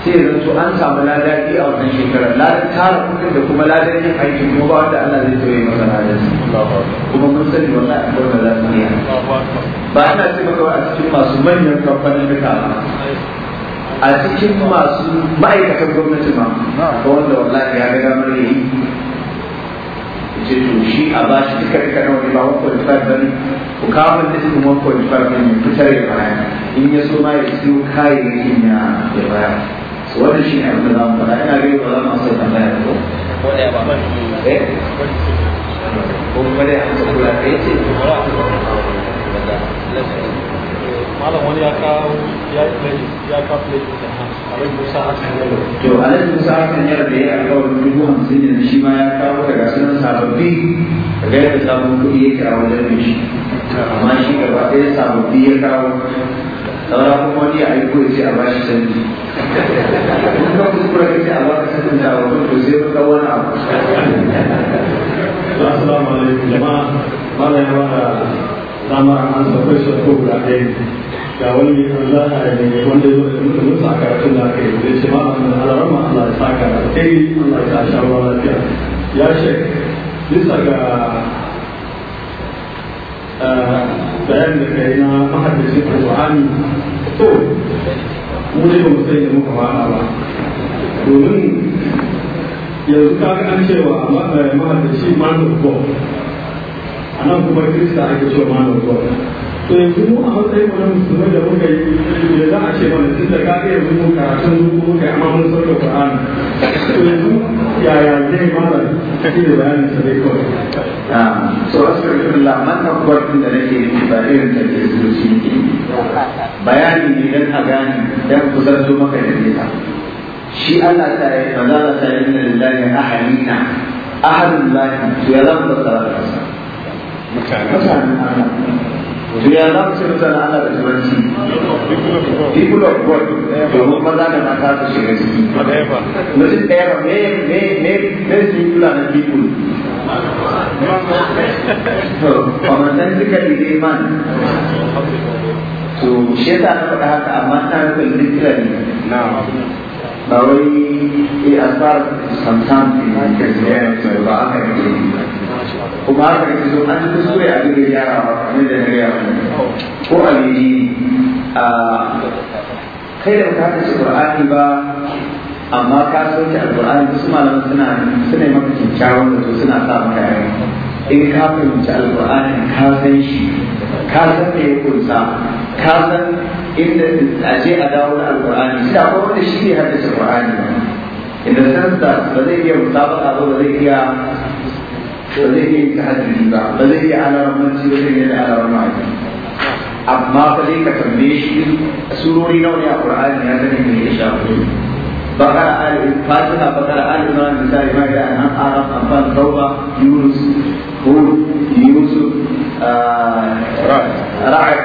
sai zan so an samu lada a wannan shekarar ladan tara kuɗin da kuma ladan yin aiki kuma ba wanda Allah zai tsaye masa ladan kuma mun sani wannan a kawai za su iya ba ana ce maka a cikin masu manyan kamfanin duka a cikin masu ma'aikatan gwamnati ma ba wanda wallahi ya ga damar yi ce to shi a ba shi duka duka nawa ne ba 1.5 bane ku kawo da cikin 1.5 bane fitar ya baya in ya so ma ya siyo kayayyakin ya ya baya so wannan shi ne abin da zamu faɗa ina ga ba za mu asa tambaya ba ko da ba eh ko kuma da ya amsa kula kai eh, ce ko ba malam wani ya kawo ya ya kawo play da alai musa hakan yaro to alai musa hakan yaro da ya alƙawarin dubu hamsin ne shi ma ya kawo daga sunan sababbi daga yadda sabon kuɗi ya kawo wajen mai shi amma shi gaba ɗaya sababbi ya kawo saura kuma wani ya aiko ya ce a bashi canji kun ka kuskura ka ce a baka sanin da wani to sai ka wani abu assalamu alaikum jama'a ya al'amara an sakwai shi ko guda ɗaya ga wani mai da mai wanda ya zo da da yi zai ma a da alarama Allah ya sa da kai Allah ya sa ruwa lafiya ya ce bisa ga eh, bayan da kai na mahaddacin qurani to mu ne ba mu sai da muka fara ba domin yanzu ka an cewa eh, mahaddaci Mark a nan kuma kirista ake cewa malam zuwa to yanzu mu a matsayin mu na musulmai da muka yi da za a ce mana tun da kaga yanzu mu karatun zuwa muka yi amma mun sauke Qur'an to yanzu yaya zai malam shi da bayanin sa dai kawai so asirkullah man tabbar din da nake nufi ba irin da ke zuci ne bayani ne dan a gane dan ku zanto maka da nesa shi Allah ta yi manzala ta yi min lillahi ahadina ahadun lahi to ya zama da sarrafa mutanen to ya za mu ce mutanen Allah da turanci people of God domin maza da mata su shiga ciki mutum ɗaya ba me me me me singular na people to kamar nan suka man to shi yasa na haka amma ta rufin literally ba wai a fara samsam ke ba aka yi kuma aka yi an soya yara da ko a kai da ka ta qur'ani ba amma ka soke alqur'ani wasu malaman suna suna maka kyakkyawan da suna sa maka yare in ka fahimci alqur'ani ka san shi ka san me ya kunsa ka san inda a je a dawo da alƙur'ani sai akwai wanda shi ne haddace alƙur'ani inda sansa ba zai iya musabaka ba ba zai iya ba zai iya tahajjudi ba ba zai iya alaramanci ba zai iya da alaramanci amma ba zai ka tambaye shi surori nawa ne a ƙur'ani ya sani me ya shafi بقرة آل فاتحة بقرة آل عمران النساء ماجد عن أعرف أنفال توبة يونس هود يوسف آه، رعد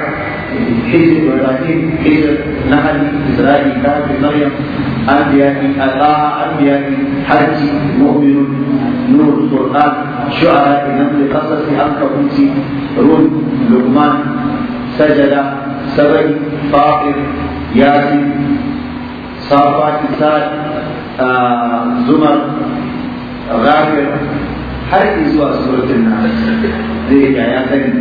حجر وابراهيم حجر نهل اسرائيل كانت مريم انبياء الله انبياء حج مؤمن نور القران شعراء نمل قصص عنكبوت رون لقمان سجد سبع فاقر ياسين صافات سعد آه، زمر غافر har zuwa suratul nan zai ga ya sani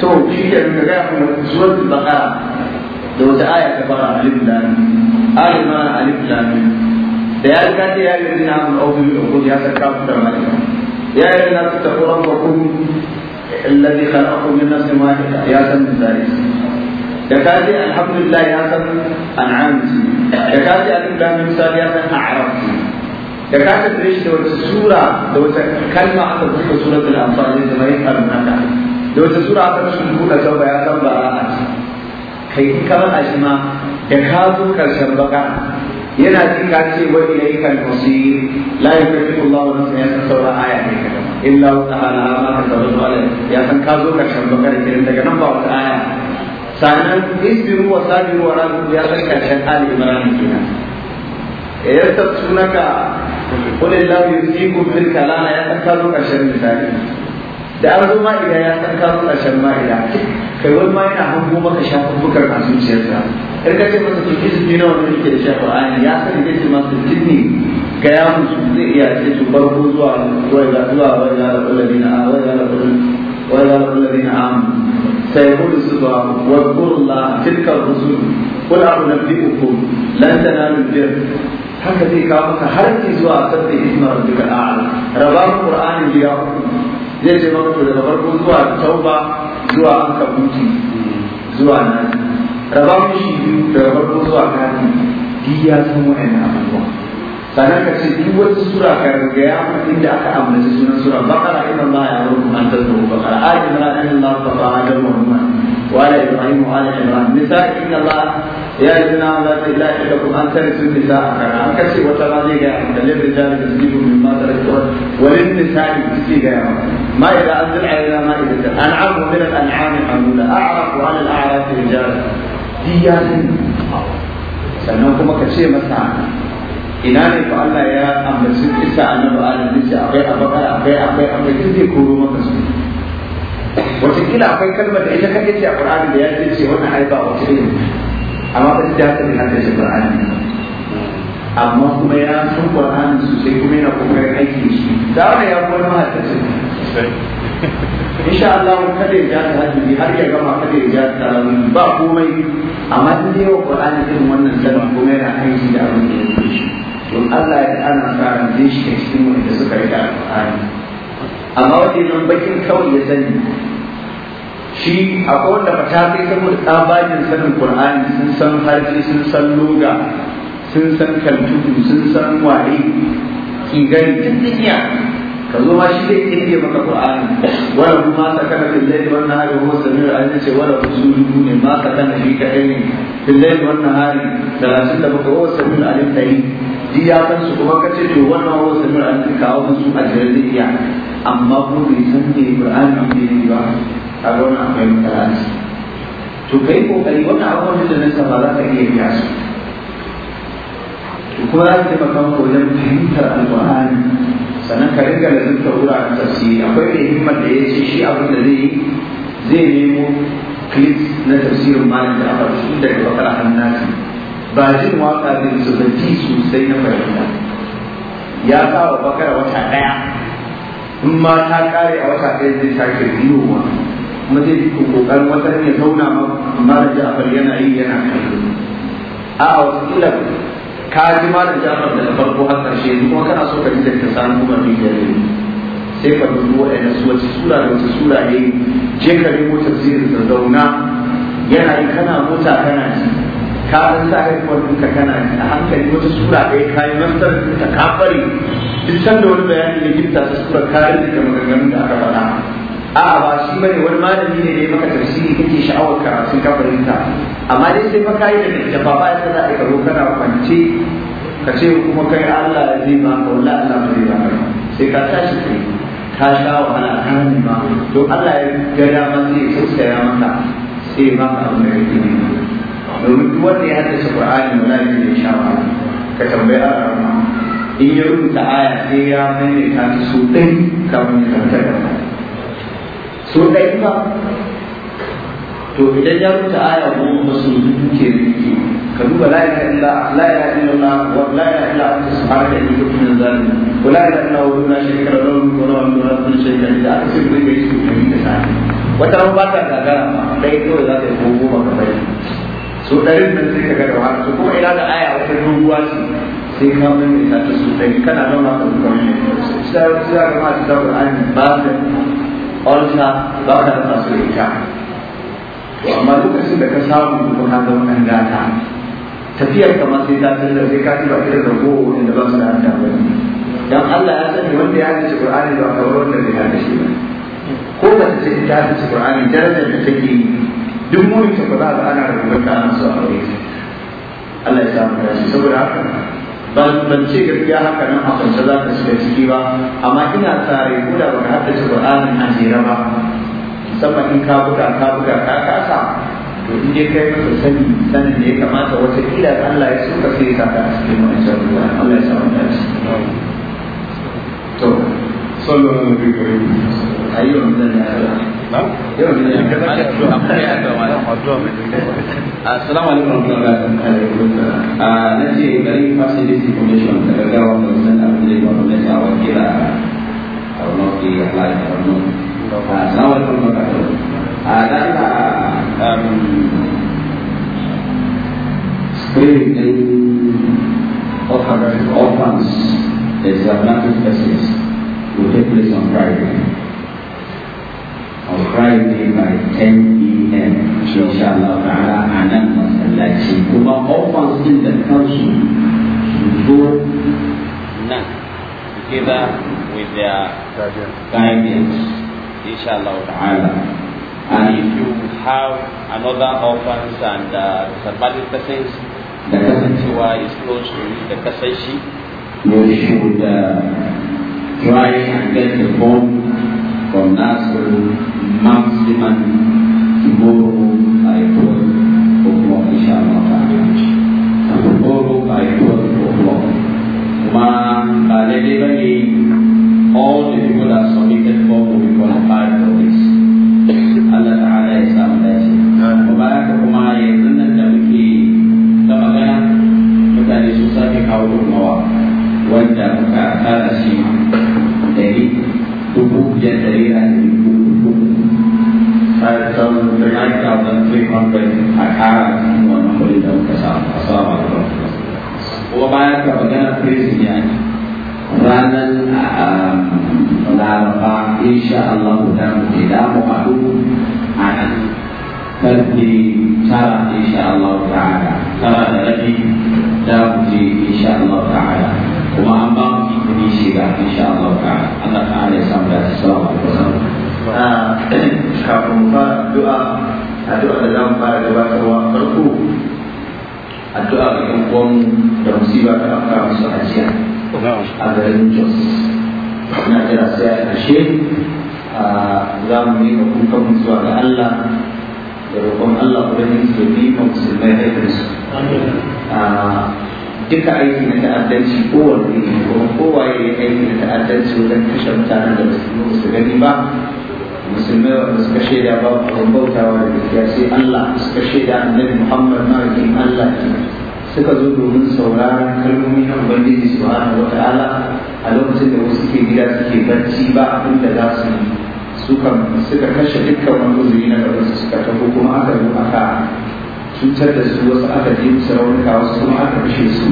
to shi ke nuna gaya mana suratul baqara da wata aya ta fara alif lam alima alif lam da ya riga ta ya riga na mun auku da ku ya saka ku da malaka ya riga na ta qur'an wa kun alladhi khalaqakum min nafsin wahida ya san zari da ka ji alhamdulillah ya san an'am da ka ji alif lam misali ya san a'raf da ka tare shi da wata sura da wata kalma aka buɗe suratul da amfani da mai haka da wata sura aka rashin buɗe tauba ya san ba a ci kai in ka bada shi ma da ka karshen baka yana jin ka ce wa ilayka al-masir la yukallifu Allah nafsan illa saura aya ne kadan illa wa ta'ala ma ka da ya san ka zo karshen baka da kiran daga nan ba wata aya sannan isbiru wa sabiru wa rabu ya san karshen ali imran tafi sunaka. قل الله يؤتيكم في الكلالة يا تنكروا كشر مثالي da an zo idan ya san ka zo ma ila kai wani ma yana hango maka shafin bukar a zuciyarsa in ka ce masa to ne na wani yake da shafa ayi ya san da ce masa izini ga ya musu zai iya ce su farko zuwa wai zuwa wai za dina wai wai dina am sai hudu subha zuwa qul la tilka rusul qul a'udhu bi rabbikum lan tanalu al haka zai kawo maka har ki zuwa a sabbi isma rabbika al'a rabar qur'ani ya uku zai ce maka to daga farko zuwa tauba zuwa kabuti zuwa nan rabar shi biyu daga farko zuwa kafi duk ya san na abuwa sannan ka ce duk wata sura ka gaya inda aka amince sunan sura baqara inna allaha ya'muru an tazuru baqara ayatul ladina inna allaha tafa adam wa muhammad وعلى ابراهيم وعلى عمران النساء ان الله يا ايها لا اله الا الله ان ترثوا النساء كما كسي وتراضي يا للرجال تزيد مما تركوا وللنساء تزيد يا ما اذا انزل علينا ما اذا انعم من الانعام حمولا اعرف وعلى الاعراف رجالا ديان sannan kuma ka ce masa ina ne fa Allah ya ambaci isa annabi Adam ne akwai abakar akwai akwai akwai duk zai koro maka su wataƙila akwai kalmar da ita kake ce a Qur'ani da ya ce ce wannan ai ba wata ne amma ba ta haka ne haka ce Qur'ani amma kuma ya sun Qur'ani sosai kuma yana kokarin aiki shi da wannan ya kuma mahaifin insha Allah kada ya ja ta hajji har ya gama kada ya ja ta ba komai amma in dai wa Qur'ani irin wannan sanan kuma yana aiki da abin da ya shi don Allah ya ana karan zai shi cikin wanda suka rika Qur'ani amma wajen nan bakin kawai ya sani shi akwai wanda fata kai saboda tsabagen sanin qur'ani sun san harfi sun san loga sun san kaltutu sun san waye kigari tun duniya ka zo ma shi zai kirge maka qur'ani wala kuma sakana zai wannan hari ko huwa a yi ce wala usuluhu ne ma sakana fi kadai fil da wan da 37 huwa samiu alim yi duk ya san su kuma kace to wannan wasu sun an kawo musu a jirgin iya amma ku bai san me Qur'ani ne ne ba a wannan kai matsala to kai kai wannan abun da na ba za ka iya biya su to kuma za ka ko maka wajen fahimtar alƙur'ani sannan ka riga da zuka wuraren tafsiri akwai da himmar da ya ce shi abin da zai zai nemo clips na tafsirin malam da aka shi daga bakar hannati ba jin waka ne su da ji sosai na fahimta ya sa wa bakara wata ɗaya in ma ta kare a wata ɗaya zai sake ma kuma zai fito kokarin wata ya zauna ma da ja'far yana yi yana kai a a wasu kila ka ji da ja'far da farko har karshe ni kuma kana so ka ji daga sanin kuma bi da ne sai ka dubi ina su wace sura da wace sura ne je ka nemo tafsirin da zauna yana yi kana mota kana ji ka san sa ka kuma duka kana a hankali wata sura ɗaya ka yi masar ta kafari duk sanda wani bayani da gifta ta sura kare da maganganun da aka faɗa a'a ba shi bane wani malami ne da ya maka tafsiri kake sha'awar karatun kafarin ta amma dai sai fa yi da ta ba ba ya za a karo kana kwance ka ce kuma kai Allah ya zai ma ka wallahi Allah ba zai ba sai ka tashi kai ka sha wahala ka nima to Allah ya ga dama zai ya maka sai ba ka abin da kake domin duk wanda ya haddasa qur'ani wallahi ne sha wahala ka tambaya a in ya rubuta aya sai ya maimaita ta su ɗin kafin ya karanta da So ɗin ba to idan ya rubuta aya goma ba su dubu ke rubuce ka duba la ilaha illa la ilaha illa wa la ilaha illa anta subhanaka inni kuntu minaz zalimin wa la ilaha illa huwa la sharika lahu wa la ilaha illa anta da aka ce bai su da ta wata ba ta gagara ma dai kawai za ta yi goma ka bai so ɗarin nan sai ka ga da wahala so kuma ina da aya wata doguwa ce sai ka mai ta ta so ɗari kana zauna ka zuka mai sai za ka ma ta da Qur'ani ba ka alta ba ka da so ita amma lokacin da ka samu ko na zama nan gata tafiyar ka ma sai ta tsalla sai ka tuba irin rago da ba su da hanta ba dan Allah ya sani wanda ya haɗa Qur'ani ba kamar wanda ya haɗa shi ba ko ba ta ce ta haɗa Qur'ani darajar da take yi duk mun ka fada da ana rubuta ta ana so aure Allah ya samu da shi saboda haka ban ce gaskiya haka nan a kwance za ka shiga ciki ba amma ina tsare ko da ba baka haddace Qur'anin a jere ba musamman in ka buga ka buga ka kasa to in dai kai masa sani sanin da ya kamata wata kila Allah ya so ka sai ka ta cikin wancan ruwa Allah ya samu dace to sallallahu alaihi wa sallam ayyuhan nas Nah, Assalamualaikum warahmatullahi wabarakatuh. Ah, Nanti dari facilities information, kira-kira waktu Senin akan menjadi waktu Senin awal kira. Kalau mau di yang lain, kalau mau. Ah, Assalamualaikum warahmatullahi wabarakatuh. Ada ah, um, spirit in orphans, orphans, there's a blanket specialist who take place on Friday. on Friday by 10 p.m. Inshallah ta'ala Anam Masalachi. masallaci. Kuma offers din in the su zo nan together with their guidance. Inshallah ta'ala. And if you have another orphans and uh, disadvantaged persons, the Kasanchiwa is close to you, the kasashi, You should uh, try and get the phone from Nasser maksimal tomorrow by 12 o'clock insyaAllah tomorrow by 12 Ma kuma ba lagi all the people that submitted for will be qualified of this Allah ta'ala Islam samu dace kuma haka kuma yanzu nan da muke ta magana mutane sun sake kawo gudunmawa wanda muka tara shi dari dan firman dan hak-hak semua memberi dalam kesalahan kesalahan Wabaya kepada krisnya Ranan Larpa Insya Allah dan tidak mengadu Anak Kerti cara Insya Allah Ta'ala Cara dari Dabi Insya Allah Ta'ala Umambang ini sirah Insya Allah Ta'ala anak Ta'ala sampai selamat. Nah, kalau doa addu'a da zamu fara gabatarwa farko addu'a ga ɗan uwan da musiba ta afka musu a jiya a garin Jos ina kira sai a ƙarshe za mu miƙa kukan mu zuwa Allah da Allah ku rage su bi ma musulmai haifinsu duka aiki na ta'addanci kowanne ne kuma kowaye ya aiki na ta'addanci wajen kashe mutanen da ba su ba musulmai wanda suka shaida ba abin bautawa da gaskiya sai Allah suka shaida annabi Muhammad mahaifin Allah suka zo domin sauraron kalmomi na Ubangiji subhanahu wa ta'ala a lokacin da wasu ke gida suke barci ba abin da za su yi suka suka kashe dukkan wani uzuri na gaban su suka tafi kuma aka zo aka cutar da su wasu aka ji musu raunuka wasu kuma aka kashe su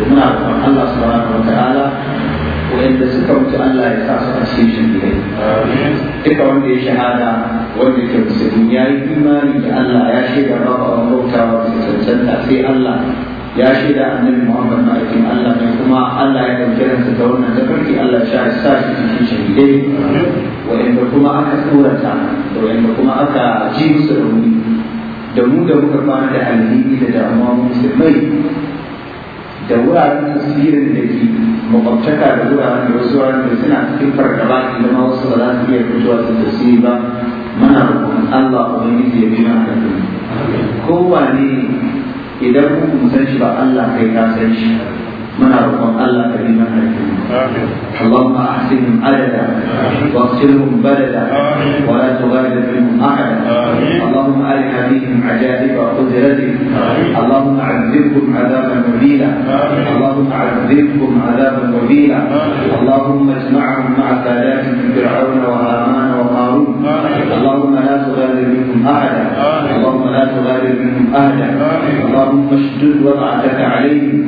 domin a kan Allah subhanahu wa ta'ala wanda suka mutu Allah ya sa su a cikin shi duka wanda ya shahada wanda ke musulmi ya yi imani da Allah ya shaida babu abin bautawa da cancanta sai Allah ya shaida annabi Muhammad ma'aikin Allah mai kuma Allah ya ɗauki ransa ta wannan tafarki Allah sha ya sa shi cikin shahidai wa'anda kuma aka tsorata da wa'anda kuma aka ji musu rauni da mu da muka kwana da alhini da damuwa musulmai da wuraren tasirin da ke makwabtaka da wuraren da wasu wuraren da suna cikin fargaba da ma wasu ba za su iya fitowa su tasiri ba muna roƙon Allah ubangiji ya bi mana kowane idan kun san shi ba Allah kai ka san shi muna roƙon Allah ka اللهم احسنهم عددا واغسلهم بلدا ولا تغادر منهم احدا اللهم ال بهم عجائب قدرتك اللهم عذبهم عذابا مبينا اللهم عذبهم عذابا مبينا اللهم اجمعهم مع سادات فرعون وهامان وقارون اللهم لا تغادر منهم احدا اللهم لا تغادر منهم احدا اللهم اشدد وضعتك عليهم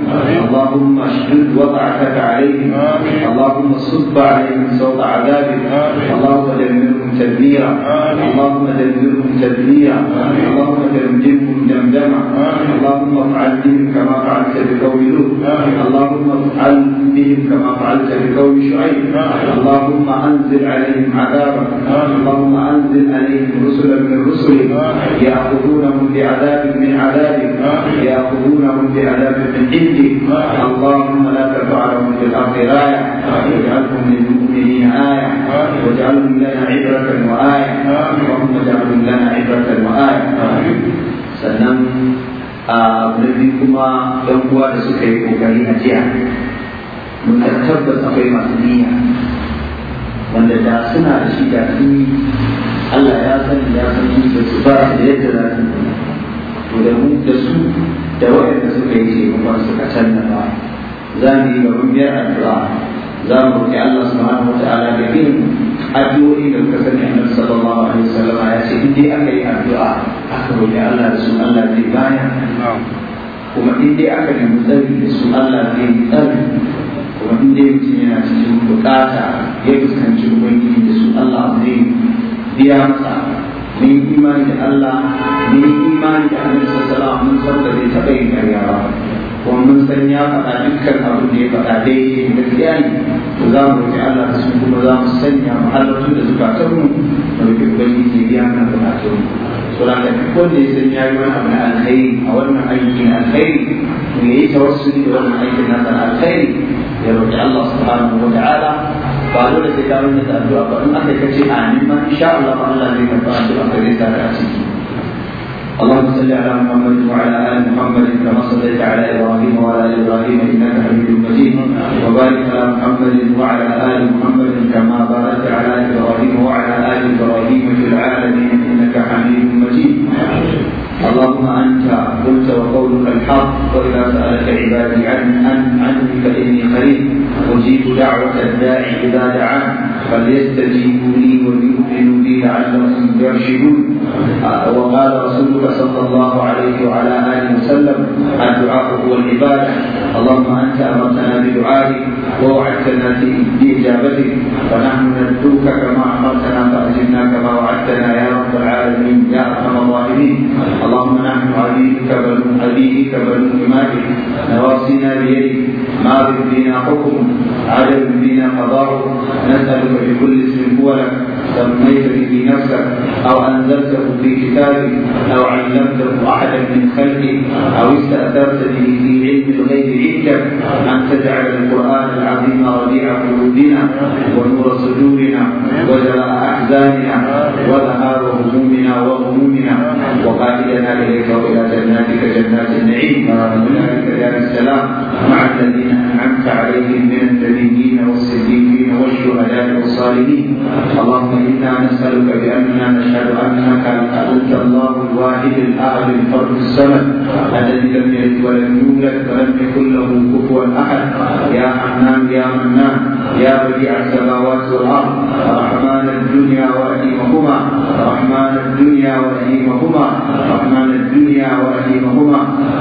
اللهم اشدد وضعتك عليهم اللهم صب عليهم صوت عذابك اللهم دمرهم تدبيرا اللهم تنزلهم تدبيرا اللهم تدبرهم جمجمة اللهم افعل بهم كما فعلت بقوم لوط اللهم افعل بهم كما فعلت بقوم شعيب اللهم انزل عليهم عذابا اللهم انزل عليهم رسلا من رسلك ياخذونهم بعذاب من عذابك ياخذونهم بعذاب من عندك اللهم لا ترفع لهم في الارض رايه واجعلهم للمؤمنين ايه واجعلهم لنا عبره عبرة وآية اللهم اجعل لنا عبرة وآية sannan abu na biyu kuma ɗan uwa da suka yi ƙoƙari a jiya mun tabbas akwai masu niyya wanda da suna da shi da sun Allah ya san ya san shi da su ba da yadda za su to da mu da su da waɗanda suka yi ce kuma suka ba za mu yi ga rumbiyar addu'a za mu roƙi Allah subhanahu wa ta'ala ga ilimi addu'o'i da kuka sani annabi sallallahu alaihi wasallam ya ce in dai aka yi addu'a aka roƙi Allah da su Allah zai baya kuma in dai aka yi tsari da su Allah zai tsari kuma in dai mutum yana cikin bukata ya fuskanci ubangiji da su Allah zai biya masa mun yi imani da Allah mun yi imani da annabi sallallahu alaihi wasallam mun san da zai taɓa yin karyawa kuma mun san ya faɗa dukkan abin da ya faɗa daidai da gaskiya ne to za mu roƙi Allah da su kuma za mu sanya mu halartu da zukatanmu mu roƙi ubangiji ya biya mana bukatunmu to da duk wanda ya san ya yi wani abu na a wannan aikin alkhairi mu yi tawassuli da wannan aikin na alkhairi ya roƙi Allah subhanahu wa ta'ala ba dole sai ka rubuta addu'a ba in aka kace amin ma insha Allah Allah zai karɓa addu'a ka zai saka a ciki اللهم صل على محمد وعلى ال محمد كما صليت على ابراهيم وعلى ال ابراهيم انك حميد مجيد وبارك على محمد وعلى ال محمد كما باركت على ابراهيم وعلى ال ابراهيم في العالمين انك حميد مجيد اللهم انت قلت وقولك الحق واذا سالك عبادي عن عن عني فاني قريب اجيب دعوه الداعي اذا دعان فليستجيبوا لي وليؤمنوا به لعلهم يرشدون وقال رسولك صلى الله عليه وعلى اله وسلم الدعاء هو العباده اللهم انت امرتنا بدعائك ووعدتنا باجابتك ونحن ندعوك كما امرتنا فاجبنا كما وعدتنا يا رب العالمين يا ارحم الراحمين اللهم نحن عبيدك بنو عبيدك بنو امائك نواصينا بيدك ما بنا حكم عدل بنا قضاء نسالك بكل اسم هو لك سميت به نفسك او انزلته في كتابك او علمته احدا من خلقك او استاثرت به في علم الغيب شئت أن تجعل القرآن العظيم ربيع قلوبنا ونور صدورنا وجلاء أحزاننا وذهاب همومنا وغمومنا وقائدنا إليك وإلى جناتك جنات النعيم وذلك دار السلام مع الذين أنعمت عليهم من النبيين والصديقين والشهداء والصالحين اللهم إنا نسألك بأننا نشهد أنك أنت الله الواحد الأحد الفرد الصمد الذي لم يلد ولم يولد ولم يكن له كفوا احد يا حنان يا منان يا بديع السماوات والارض رحمن الدنيا وأديمهما رحمن الدنيا وأديمهما رحمن الدنيا وأديمهما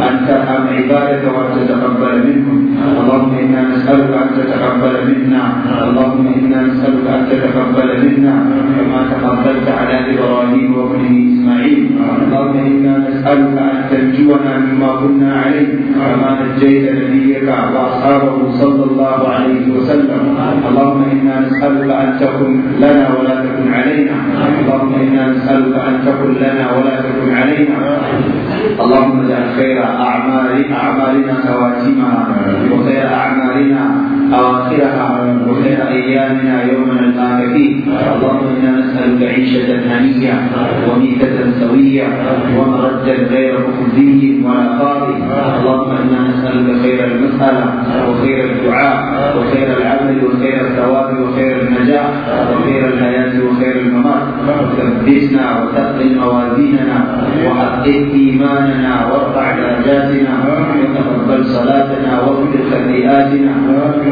أن ترحم عبادك وأن تتقبل منهم اللهم إنا نسألك أن تتقبل منا اللهم إنا نسألك أن تتقبل منا كما تقبلت على إبراهيم وابنه إسماعيل اللهم إنا نسألك أن تنجونا مما كنا عليه كما نجيت نبيك واصحابه صلى الله عليه وسلم اللهم انا نسالك ان تكن لنا ولا تكن علينا اللهم انا نسالك ان تكن لنا ولا تكن علينا اللهم اجعل خير اعمال اعمالنا خواتيمها وخير اعمالنا اواخرها وخير ايامنا يوم نلقاك فيه اللهم انا نسالك عيشه هنيه وميته سويه ومردا غير مخزي ولا قاضي اللهم انا نسالك خير المساله وخير الدعاء وخير العمل وخير الثواب وخير النجاح وخير الحياه وخير الممات ثبتنا وثقل موازيننا وحقق ايماننا وارفع درجاتنا وتقبل صلاتنا واغفر خطيئاتنا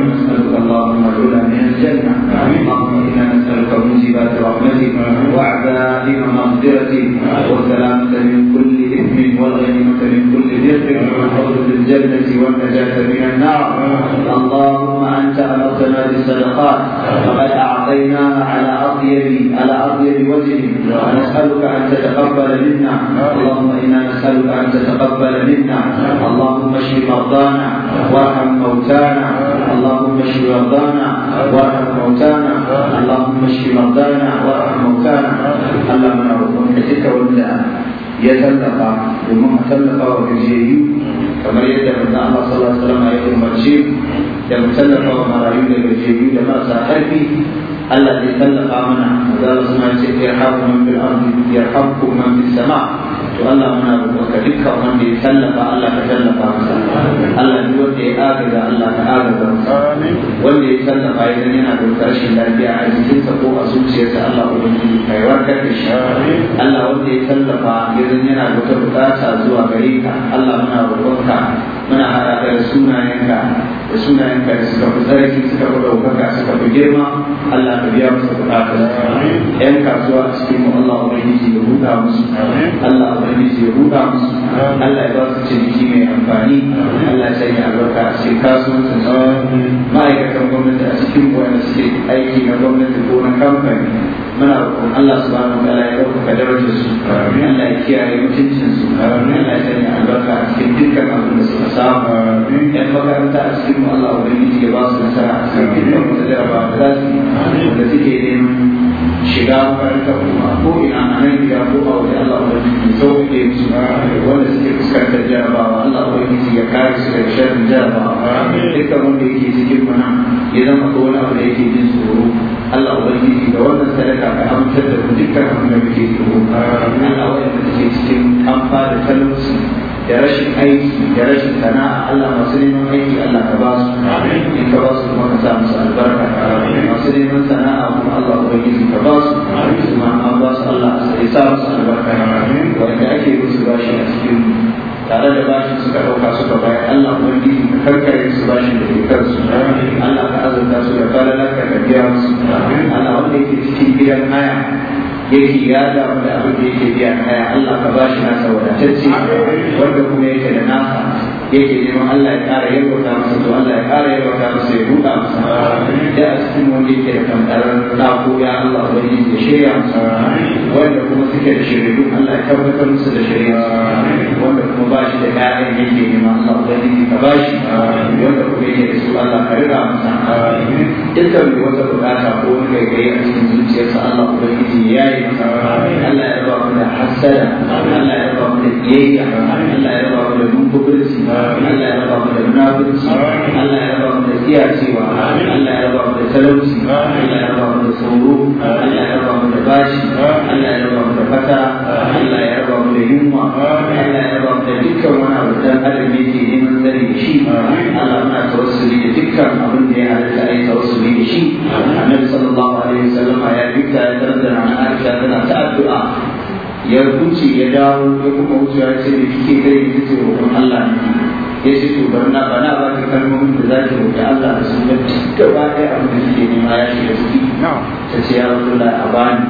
نسألك اللهم العلا من الجنة اللهم إنا نسألك موجبات رحمتك وعزائم مغفرتك وسلامة من كل إثم والغنيمة من كل ضيق وحفظ الجنة والنجاة من النار اللهم أنت أمرتنا بالصدقات فقد أعطيناها على أطيب على أطيب وجه نسألك أن تتقبل منا اللهم إنا نسألك أن تتقبل منا اللهم اشف مرضانا وارحم موتانا اشف مرضانا وارحم موتانا اللهم اشف مرضانا وارحم موتانا اللهم نعوذ بك ومن الان يتلقى بمن تلقى وبجيه كما يدعى ابن الله صلى الله عليه وسلم يا آية المرشيد يتلقى وما لا يدعى بجيه لما ساحبه Allah zai tallafa mana za su ma ce ya hafu man fil ardi ya hafu sama to Allah muna roƙonka dukkan wanda ya tallafa Allah ka tallafa masa Allah duk wanda ya agaza Allah ka agaza wanda ya tallafa ya yana da rashin lafiya a jikinsa ko a zuciyarsa Allah ubangiji yi Allah wanda ya tallafa ya yana da bukata zuwa gare ka Allah muna muna haɗa sunayenka da sunayen ka suka fi zarki suka fi ɗaukaka suka fi girma Allah ka biya musu buƙatar ƴan kasuwa a cikin mu Allah ubangiji ya huta musu Allah ubangiji ya huta musu Allah ya mai amfani Allah ya albarka a cikin kasuwancin ma'aikatan gwamnati a cikin wanda suke aiki na gwamnati ko na kamfani muna roƙon Allah subhanahu wa ta'ala ya ɗaukaka darajar su Allah ya kiyaye mutuncin su Allah ya albarka a cikin dukkan abin da suka samu makaranta mu Allah ubangiji ya ba su nasara a kan dukkan jaraba da za su wanda suke neman shiga makaranta kuma ko ina a nan gida ko a waje Allah ubangiji ya sauke musu wanda suke fuskantar jarabawa Allah ubangiji ya kare su da sharrin jarabawa duka wanda yake cikin mana ya zama ko wani abu da yake jin tsoro Allah ubangiji da wannan sadaka ka amintar da dukkan abin da muke tsoro Allah wanda take cikin amfa da talauci da rashin aiki da rashin sana'a Allah masu neman aiki Allah ka ba su in ka ba su kuma ka sa musu albarka masu neman sana'a kuma Allah ko ubangiji ka ba su kuma an ba su Allah sai sa musu albarka wanda ake musu bashi a cikin tare da bashin suka ɗauka suka bayar Allah ubangiji ka karkare su bashin da ke kansu Allah ka azurta su da falalaka da biya musu Allah wanda yake cikin gidan haya yake ya damu da abin da yake biya kaya Allah ka ba shi nasa wadatacce wanda kuma yake da nasa yake neman Allah ya ƙara yalwata masa to Allah ya ƙara yalwata masa ya buɗa masa ya a wanda yake da kankarar lafo ya Allah wani ya shirya masa wanda kuma suke da shiridu Allah ya tabbatar musu da shirya wanda kuma ba shi da ƙarin yake neman Allah wani ka ba shi wanda kuma yake da su Allah ka riga masa dukkan mai wata bukata ko wani gaigaye a cikin zuciyarsa Allah ubangiji ya yi masa Allah ya raba mu da hassada Allah ya raba mu da biyayya Allah ya raba mu da mumbubirci Allah ya raba da ya da kiyacewa da talauci Allah da da bashi da fata Allah da yunwa Allah ya raba da dukkan wani da shi ya halitta a yi shi ya bita ya ta ya ya dawo ya kuma wuce ya ce da kike gare ki ce Allah ne ya ce to bari na bana ba ka kalmomin da za ki Allah da sun gaci gaba ɗaya abu da kike nema ya shiga ciki ta ce ya rasu da a bani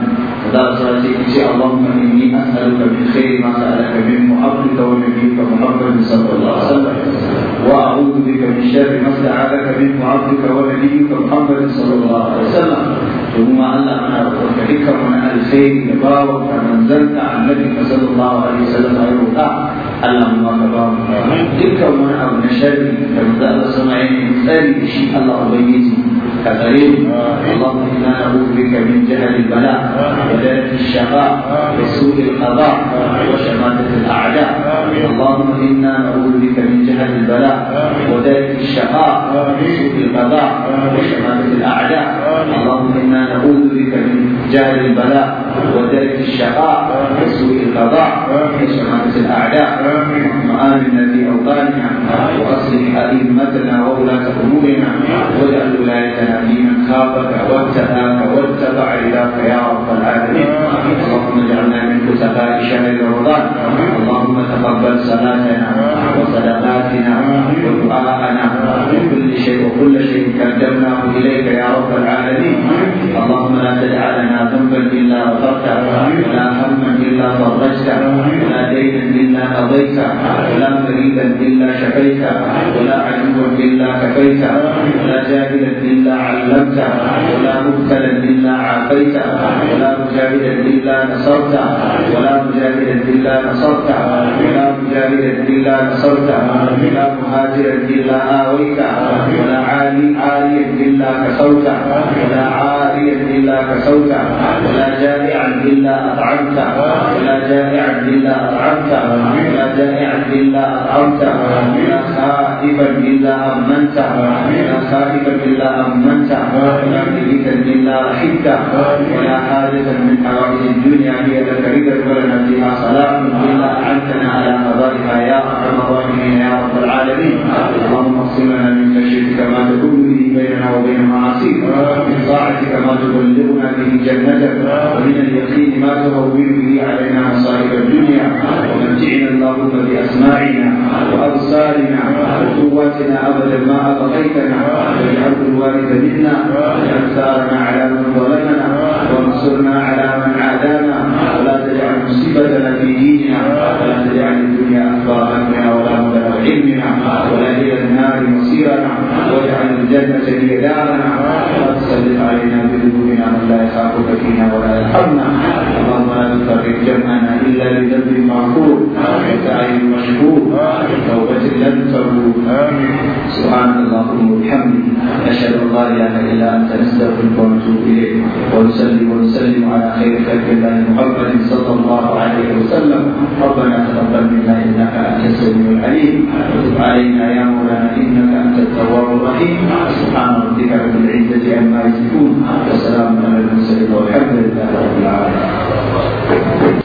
za a sa ce ni Allahumma inni as'aluka min khairi ma sa'alaka min mu'abdika wa nabiyyika Muhammadin sallallahu alaihi wasallam وأعوذ بك من شر ما استعاذك منه عبدك ونبيك محمد صلى الله عليه وسلم ثم علم ربك من الخير لبارك من زلت عن النبي صلى الله عليه وسلم يوقع Allah maka ba mu dukkan wani abu na sharri da manzo Allah sama yayin tsari da shi Allah ubangiji كريم اللهم انا نعوذ بك من جهل البلاء وذلك الشقاء وسوء القضاء وشماتة الاعداء اللهم انا نعوذ بك من جهل البلاء وذلك الشقاء وسوء القضاء وشماتة الاعداء اللهم انا نعوذ بك من جهل البلاء وذلك الشقاء وسوء القضاء وشماتة الاعداء اللهم امنا في اوطاننا واصلح ائمتنا وولاة امورنا واجعل ولايتنا يمينا خافك واتقاك واتبع رضاك يا رب العالمين اللهم اجعلنا من كتباء شهر رمضان اللهم تقبل صلاتنا وصدقاتنا ودعاءنا وكل شيء وكل شيء قدمناه اليك يا رب العالمين اللهم لا تجعلنا ذنبا إلا غفرته ولا هما إلا فرجته ولا دينا إلا قضيته ولا مريدا إلا شفيته ولا عدوا إلا كفيته ولا جاهلا إلا علمته ولا مبتلا إلا عافيته ولا مجاهدا إلا نصرته ولا مجاهدا إلا نصرته ولا مجاهدا إلا نصرته ولا مهاجرا إلا آويته ولا عاليا إلا كسوته ولا عاريا إلا كسوته ولا جائعا إلا أطعمته ولا جائعا إلا أطعمته ولا جائعا إلا أطعمته ولا خائفا إلا أمنته ولا خائفا إلا أمنته ولا ميتا إلا رحمته ولا حاجة من حوائج الدنيا هي لك ولنا فيها صلاة إلا أعنتنا على قضائها يا أرحم الراحمين يا رب العالمين اللهم اغفر لنا من المشرك كما تكون به بيننا وبين معاصيك ومن طاعتك ما تبلغنا به جنتك ومن اليقين ما تهون به علينا مصائب الدنيا ومتعنا اللهم باسماعنا وابصارنا وقواتنا ابدا ما ابقيتنا واجعله الوارث منا واجعل ثارنا على من ظلمنا وانصرنا على من عادانا ولا تجعل مصيبتنا في ديننا ولا تجعل الدنيا اكبر مصيرنا واجعل الجنة هي دارنا وسلم علينا بذنوبنا بنا من لا يخافك فينا ولا يرحمنا اللهم لا تفرق جمعنا الا لذنب مغفور وسعي مشكور توبة لن تبور سبحان الله وبحمده اشهد ان لا اله الا انت نستغفرك ونتوب اليك ونسلم ونسلم على خير خلق الله محمد صلى الله عليه وسلم ربنا تقبل منا انك انت السميع العليم وتب علينا يا مولانا انك انت التواب الرحيم سبحان ربك رب العزه عما يصفون وسلام محمد بن سعيد والحمد لله رب العالمين